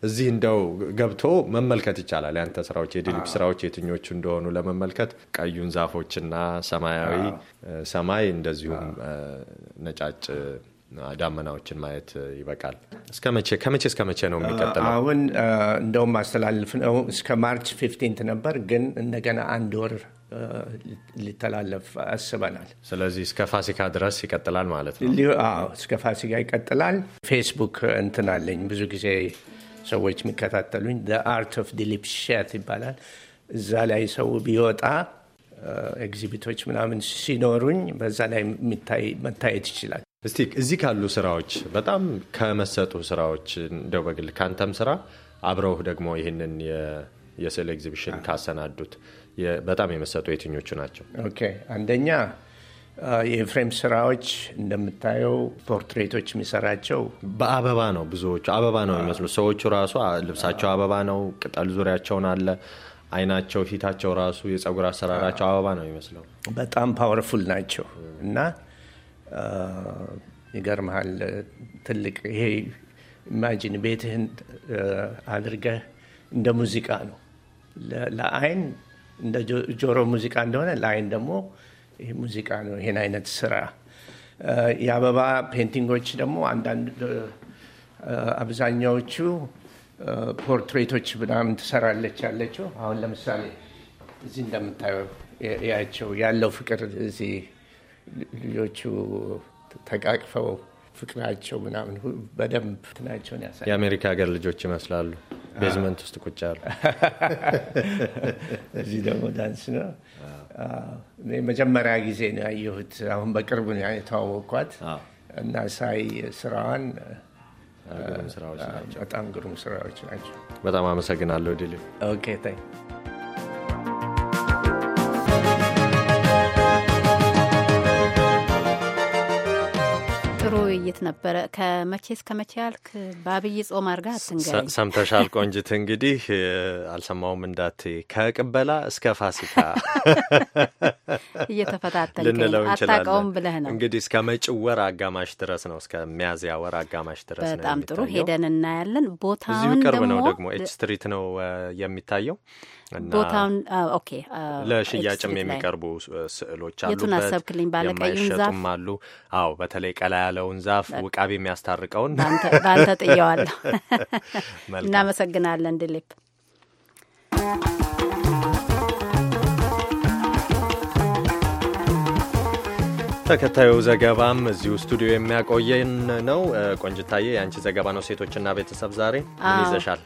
እዚህ እንደው ገብቶ መመልከት ይቻላል። ያንተ ስራዎች የድሊፕ ስራዎች የትኞቹ እንደሆኑ ለመመልከት ቀዩን ዛፎችና ሰማያዊ ሰማይ እንደዚሁም ነጫጭ ዳመናዎችን ማየት ይበቃል። እስከ መቼ ከመቼ እስከ መቼ ነው የሚቀጥለው? አሁን እንደውም ማስተላልፍ ነው እስከ ማርች ፊፍቲንት ነበር፣ ግን እንደገና አንድ ወር ሊተላለፍ አስበናል። ስለዚህ እስከ ፋሲካ ድረስ ይቀጥላል ማለት ነው። እስከ ፋሲካ ይቀጥላል። ፌስቡክ እንትን አለኝ ብዙ ጊዜ ሰዎች የሚከታተሉኝ አርት ኦፍ ዲሊፕ ሸት ይባላል። እዛ ላይ ሰው ቢወጣ ኤግዚቢቶች ምናምን ሲኖሩኝ በዛ ላይ መታየት ይችላል። እስቲ እዚህ ካሉ ስራዎች በጣም ከመሰጡ ስራዎች እንደው በግል ከአንተም ስራ አብረው ደግሞ ይህንን የስዕል ኤግዚቢሽን ካሰናዱት በጣም የመሰጡ የትኞቹ ናቸው? ኦኬ አንደኛ የኤፍሬም ስራዎች እንደምታየው ፖርትሬቶች የሚሰራቸው በአበባ ነው። ብዙዎቹ አበባ ነው የሚመስሉ ሰዎቹ ራሱ ልብሳቸው አበባ ነው። ቅጠል ዙሪያቸውን አለ። አይናቸው፣ ፊታቸው ራሱ የፀጉር አሰራራቸው አበባ ነው የሚመስለው። በጣም ፓወርፉል ናቸው እና ይገርመሃል ትልቅ ይሄ ኢማጂን ቤትህን አድርገህ እንደ ሙዚቃ ነው ለአይን እንደ ጆሮ ሙዚቃ እንደሆነ ለአይን ደግሞ ይህ ሙዚቃ ነው። ይህን አይነት ስራ የአበባ ፔንቲንጎች ደግሞ አንዳንድ አብዛኛዎቹ ፖርትሬቶች ምናምን ትሰራለች ያለችው። አሁን ለምሳሌ እዚህ እንደምታየው ያቸው ያለው ፍቅር እዚህ ልጆቹ ተቃቅፈው ፍቅራቸው ምናምን በደንብ ትናቸውን ያሳ የአሜሪካ ሀገር ልጆች ይመስላሉ። ቤዝመንት ውስጥ ቁጭ አሉ። እዚህ ደግሞ ዳንስ ነው። መጀመሪያ ጊዜ ነው ያየሁት። አሁን በቅርቡ ነው የተዋወቅኳት እና ሳይ ስራዋን በጣም ግሩም ስራዎች ናቸው። በጣም አመሰግናለሁ ድል ኦኬ ውይይት ነበረ። ከመቼ እስከ መቼ ያልክ በአብይ ጾም አርጋ አትንገረኝ። ሰምተሻል ቆንጅት። እንግዲህ አልሰማውም እንዳት ከቅበላ እስከ ፋሲካ እየተፈታተል ልንለው እንችላለን። ብለህ ነው እንግዲህ እስከ መጭ ወር አጋማሽ ድረስ ነው፣ እስከ ሚያዝያ ወር አጋማሽ ድረስ ነው። በጣም ጥሩ ሄደን እናያለን። ቦታውን ደግሞ ቅርብ ነው ደግሞ ኤች ስትሪት ነው የሚታየው ቦታውን ኦኬ፣ ለሽያጭም የሚቀርቡ ስዕሎች አሉበት። የቱን አሰብክልኝ? ባለቀዩን ዛፍ አሉ። አዎ፣ በተለይ ቀላ ያለውን ዛፍ ውቃቢ የሚያስታርቀውን በአንተ ጥየዋለሁ። እናመሰግናለን ድሌፕ። ተከታዩ ዘገባም እዚሁ ስቱዲዮ የሚያቆየን ነው። ቆንጅታዬ የአንቺ ዘገባ ነው። ሴቶችና ቤተሰብ ዛሬ ይዘሻል?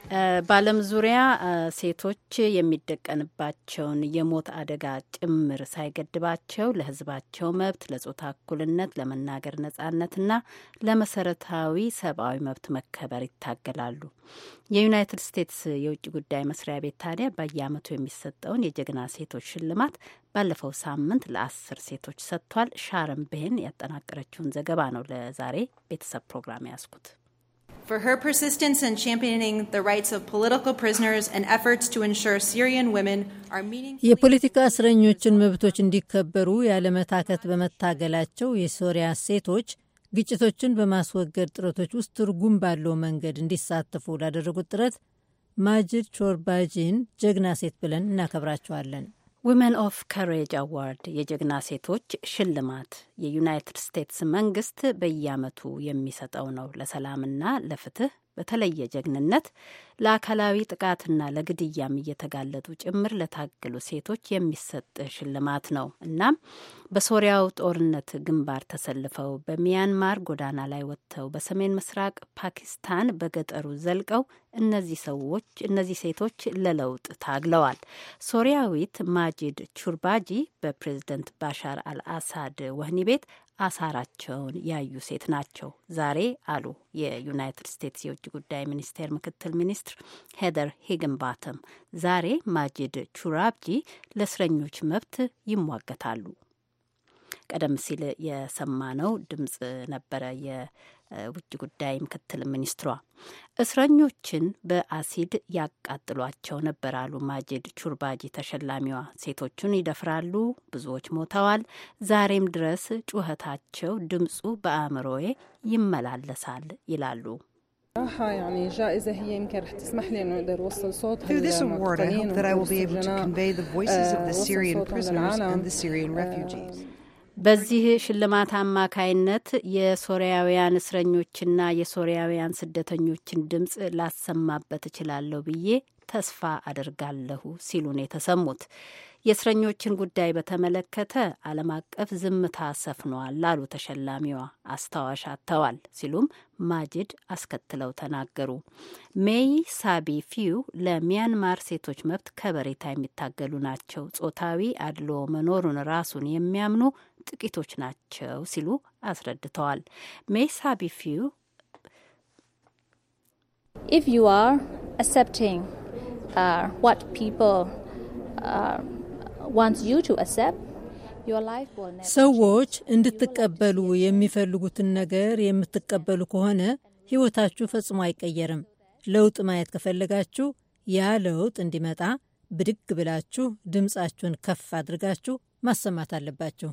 በዓለም ዙሪያ ሴቶች የሚደቀንባቸውን የሞት አደጋ ጭምር ሳይገድባቸው ለሕዝባቸው መብት፣ ለጾታ እኩልነት፣ ለመናገር ነጻነትና ለመሰረታዊ ሰብአዊ መብት መከበር ይታገላሉ። የዩናይትድ ስቴትስ የውጭ ጉዳይ መስሪያ ቤት ታዲያ በየአመቱ የሚሰጠውን የጀግና ሴቶች ሽልማት ባለፈው ሳምንት ለአስር ሴቶች ሰጥቷል። ሻረን ብሄን ያጠናቀረችውን ዘገባ ነው ለዛሬ ቤተሰብ ፕሮግራም ያስኩት። For her persistence in championing the rights of political prisoners and efforts to ensure Syrian women are የፖለቲካ እስረኞችን መብቶች እንዲከበሩ ያለመታከት በመታገላቸው የሶሪያ ሴቶች ግጭቶችን በማስወገድ ጥረቶች ውስጥ ትርጉም ባለው መንገድ እንዲሳተፉ ላደረጉት ጥረት ማጅድ ቾርባጂን ጀግና ሴት ብለን እናከብራቸዋለን። ዊመን ኦፍ ካሬጅ አዋርድ የጀግና ሴቶች ሽልማት የዩናይትድ ስቴትስ መንግስት በየአመቱ የሚሰጠው ነው። ለሰላምና ለፍትህ በተለየ ጀግንነት ለአካላዊ ጥቃትና ለግድያም እየተጋለጡ ጭምር ለታገሉ ሴቶች የሚሰጥ ሽልማት ነው። እናም በሶሪያው ጦርነት ግንባር ተሰልፈው በሚያንማር ጎዳና ላይ ወጥተው በሰሜን ምስራቅ ፓኪስታን በገጠሩ ዘልቀው እነዚህ ሰዎች እነዚህ ሴቶች ለለውጥ ታግለዋል። ሶሪያዊት ማጂድ ቹርባጂ በፕሬዝደንት ባሻር አልአሳድ ወህኒ ቤት አሳራቸውን ያዩ ሴት ናቸው ዛሬ አሉ የዩናይትድ ስቴትስ የውጭ ጉዳይ ሚኒስቴር ምክትል ሚኒስትር ሄደር ሂግንባተም። ዛሬ ማጂድ ቹራብጂ ለእስረኞች መብት ይሟገታሉ። ቀደም ሲል የሰማነው ድምጽ ነበረ። ውጭ ጉዳይ ምክትል ሚኒስትሯ እስረኞችን በአሲድ ያቃጥሏቸው ነበር አሉ። ማጅድ ቹርባጂ ተሸላሚዋ ሴቶቹን ይደፍራሉ፣ ብዙዎች ሞተዋል። ዛሬም ድረስ ጩኸታቸው፣ ድምፁ በአእምሮዬ ይመላለሳል ይላሉ። ስማ ስ በዚህ ሽልማት አማካይነት የሶሪያውያን እስረኞችና የሶሪያውያን ስደተኞችን ድምፅ ላሰማበት እችላለሁ ብዬ ተስፋ አድርጋለሁ ሲሉ ነው የተሰሙት። የእስረኞችን ጉዳይ በተመለከተ ዓለም አቀፍ ዝምታ ሰፍኗል ላሉ ተሸላሚዋ አስታዋሽ አጥተዋል ሲሉም ማጅድ አስከትለው ተናገሩ። ሜይ ሳቢ ፊው ለሚያንማር ሴቶች መብት ከበሬታ የሚታገሉ ናቸው። ጾታዊ አድሎ መኖሩን ራሱን የሚያምኑ ጥቂቶች ናቸው ሲሉ አስረድተዋል። ሜሳ ቢፊዩ ኢፍ ዩ አር ዋት ፒፕል ዋንት ዩ ቱ ሰዎች እንድትቀበሉ የሚፈልጉትን ነገር የምትቀበሉ ከሆነ ሕይወታችሁ ፈጽሞ አይቀየርም። ለውጥ ማየት ከፈለጋችሁ ያ ለውጥ እንዲመጣ ብድግ ብላችሁ ድምፃችሁን ከፍ አድርጋችሁ ማሰማት አለባችሁ።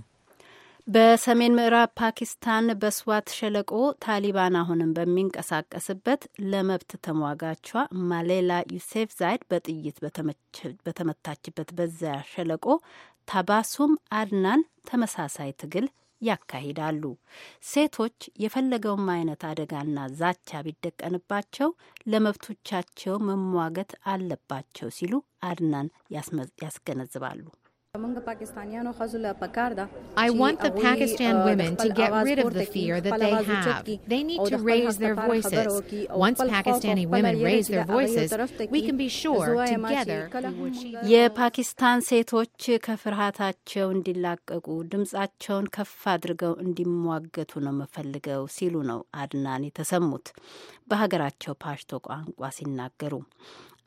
በሰሜን ምዕራብ ፓኪስታን በስዋት ሸለቆ ታሊባን አሁንም በሚንቀሳቀስበት ለመብት ተሟጋቿ ማሌላ ዩሴፍ ዛይድ በጥይት በተመታችበት በዚያ ሸለቆ ታባሱም አድናን ተመሳሳይ ትግል ያካሂዳሉ። ሴቶች የፈለገውም አይነት አደጋና ዛቻ ቢደቀንባቸው ለመብቶቻቸው መሟገት አለባቸው ሲሉ አድናን ያስገነዝባሉ። I want the Pakistan women to get rid of the fear that they have. They need to raise their voices. Once Pakistani women raise their voices, we can be sure together የፓኪስታን ሴቶች ከፍርሃታቸው እንዲላቀቁ ድምጻቸውን ከፍ አድርገው እንዲሟገቱ ነው የምፈልገው ሲሉ ነው አድናን የተሰሙት በሀገራቸው ፓሽቶ ቋንቋ ሲናገሩ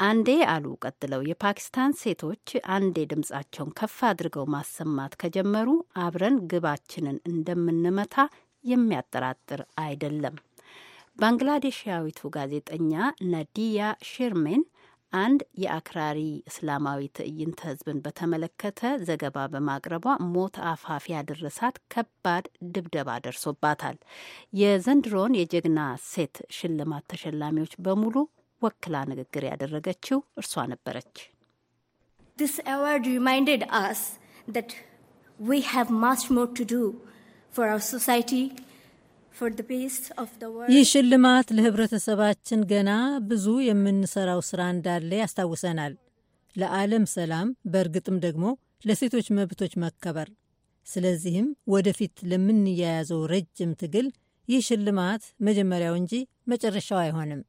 አንዴ አሉ ቀጥለው የፓኪስታን ሴቶች አንዴ ድምጻቸውን ከፍ አድርገው ማሰማት ከጀመሩ አብረን ግባችንን እንደምንመታ የሚያጠራጥር አይደለም። ባንግላዴሻዊቱ ጋዜጠኛ ናዲያ ሽርሜን አንድ የአክራሪ እስላማዊ ትዕይንተ ህዝብን በተመለከተ ዘገባ በማቅረቧ ሞት አፋፍ ያደረሳት ከባድ ድብደባ ደርሶባታል። የዘንድሮን የጀግና ሴት ሽልማት ተሸላሚዎች በሙሉ ወክላ ንግግር ያደረገችው እርሷ ነበረች። This award reminded us that we have much more to do for our society, for the peace of the world. ይህ ሽልማት ለህብረተሰባችን ገና ብዙ የምንሰራው ስራ እንዳለ ያስታውሰናል። ለዓለም ሰላም፣ በእርግጥም ደግሞ ለሴቶች መብቶች መከበር። ስለዚህም ወደፊት ለምንያያዘው ረጅም ትግል ይህ ሽልማት መጀመሪያው እንጂ መጨረሻው አይሆንም።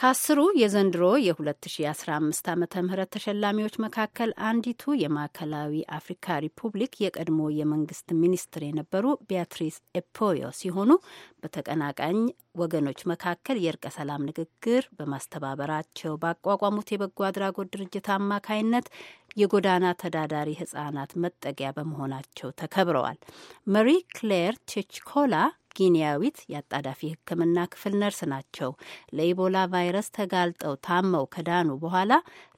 ከአስሩ የዘንድሮ የ2015 ዓ ም ተሸላሚዎች መካከል አንዲቱ የማዕከላዊ አፍሪካ ሪፑብሊክ የቀድሞ የመንግስት ሚኒስትር የነበሩ ቢያትሪስ ኤፖዮ ሲሆኑ በተቀናቃኝ ወገኖች መካከል የእርቀ ሰላም ንግግር በማስተባበራቸው ባቋቋሙት የበጎ አድራጎት ድርጅት አማካይነት የጎዳና ተዳዳሪ ህጻናት መጠጊያ በመሆናቸው ተከብረዋል። መሪ ክሌር ቼችኮላ ጊኒያዊት የአጣዳፊ ሕክምና ክፍል ነርስ ናቸው። ለኢቦላ ቫይረስ ተጋልጠው ታመው ከዳኑ በኋላ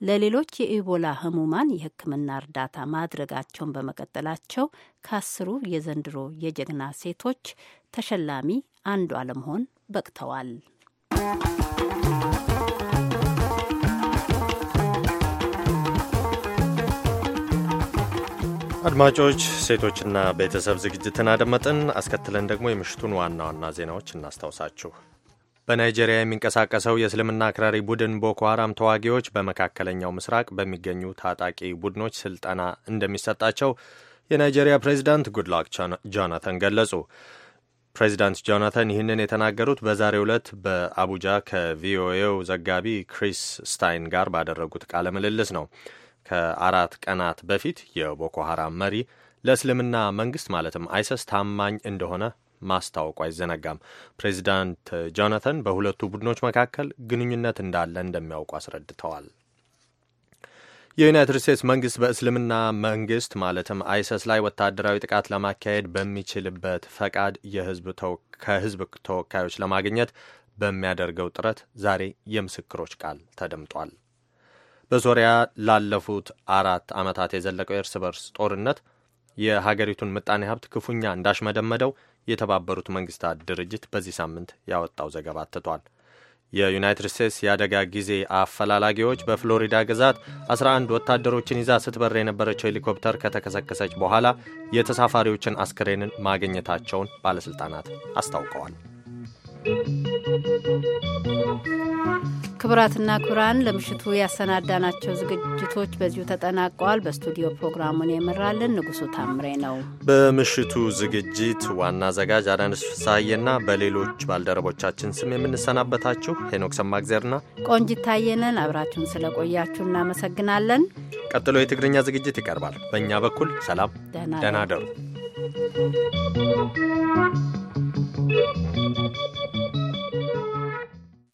ለሌሎች የኢቦላ ህሙማን የሕክምና እርዳታ ማድረጋቸውን በመቀጠላቸው ከአስሩ የዘንድሮ የጀግና ሴቶች ተሸላሚ አንዷ ለመሆን በቅተዋል። አድማጮች ሴቶችና ቤተሰብ ዝግጅትን አደመጥን። አስከትለን ደግሞ የምሽቱን ዋና ዋና ዜናዎች እናስታውሳችሁ። በናይጄሪያ የሚንቀሳቀሰው የእስልምና አክራሪ ቡድን ቦኮ ሀራም ተዋጊዎች በመካከለኛው ምስራቅ በሚገኙ ታጣቂ ቡድኖች ስልጠና እንደሚሰጣቸው የናይጄሪያ ፕሬዚዳንት ጉድላክ ጆናተን ገለጹ። ፕሬዚዳንት ጆናተን ይህንን የተናገሩት በዛሬው ዕለት በአቡጃ ከቪኦኤው ዘጋቢ ክሪስ ስታይን ጋር ባደረጉት ቃለ ምልልስ ነው። ከአራት ቀናት በፊት የቦኮ ሐራም መሪ ለእስልምና መንግስት ማለትም አይሰስ ታማኝ እንደሆነ ማስታወቁ አይዘነጋም። ፕሬዚዳንት ጆናተን በሁለቱ ቡድኖች መካከል ግንኙነት እንዳለ እንደሚያውቁ አስረድተዋል። የዩናይትድ ስቴትስ መንግስት በእስልምና መንግስት ማለትም አይሰስ ላይ ወታደራዊ ጥቃት ለማካሄድ በሚችልበት ፈቃድ ከህዝብ ተወካዮች ለማግኘት በሚያደርገው ጥረት ዛሬ የምስክሮች ቃል ተደምጧል። በሶሪያ ላለፉት አራት ዓመታት የዘለቀው የእርስ በርስ ጦርነት የሀገሪቱን ምጣኔ ሀብት ክፉኛ እንዳሽመደመደው የተባበሩት መንግስታት ድርጅት በዚህ ሳምንት ያወጣው ዘገባ አትቷል። የዩናይትድ ስቴትስ የአደጋ ጊዜ አፈላላጊዎች በፍሎሪዳ ግዛት 11 ወታደሮችን ይዛ ስትበር የነበረችው ሄሊኮፕተር ከተከሰከሰች በኋላ የተሳፋሪዎችን አስክሬንን ማግኘታቸውን ባለሥልጣናት አስታውቀዋል። ክቡራትና ክቡራን ለምሽቱ ያሰናዳናቸው ዝግጅቶች በዚሁ ተጠናቀዋል። በስቱዲዮ ፕሮግራሙን የመራልን ንጉሱ ታምሬ ነው። በምሽቱ ዝግጅት ዋና አዘጋጅ አዳነች ፍሳዬና በሌሎች ባልደረቦቻችን ስም የምንሰናበታችሁ ሄኖክ ሰማግዜርና ቆንጂት ታየነን አብራችሁን ስለቆያችሁ እናመሰግናለን። ቀጥሎ የትግርኛ ዝግጅት ይቀርባል። በእኛ በኩል ሰላም፣ ደህና ደሩ።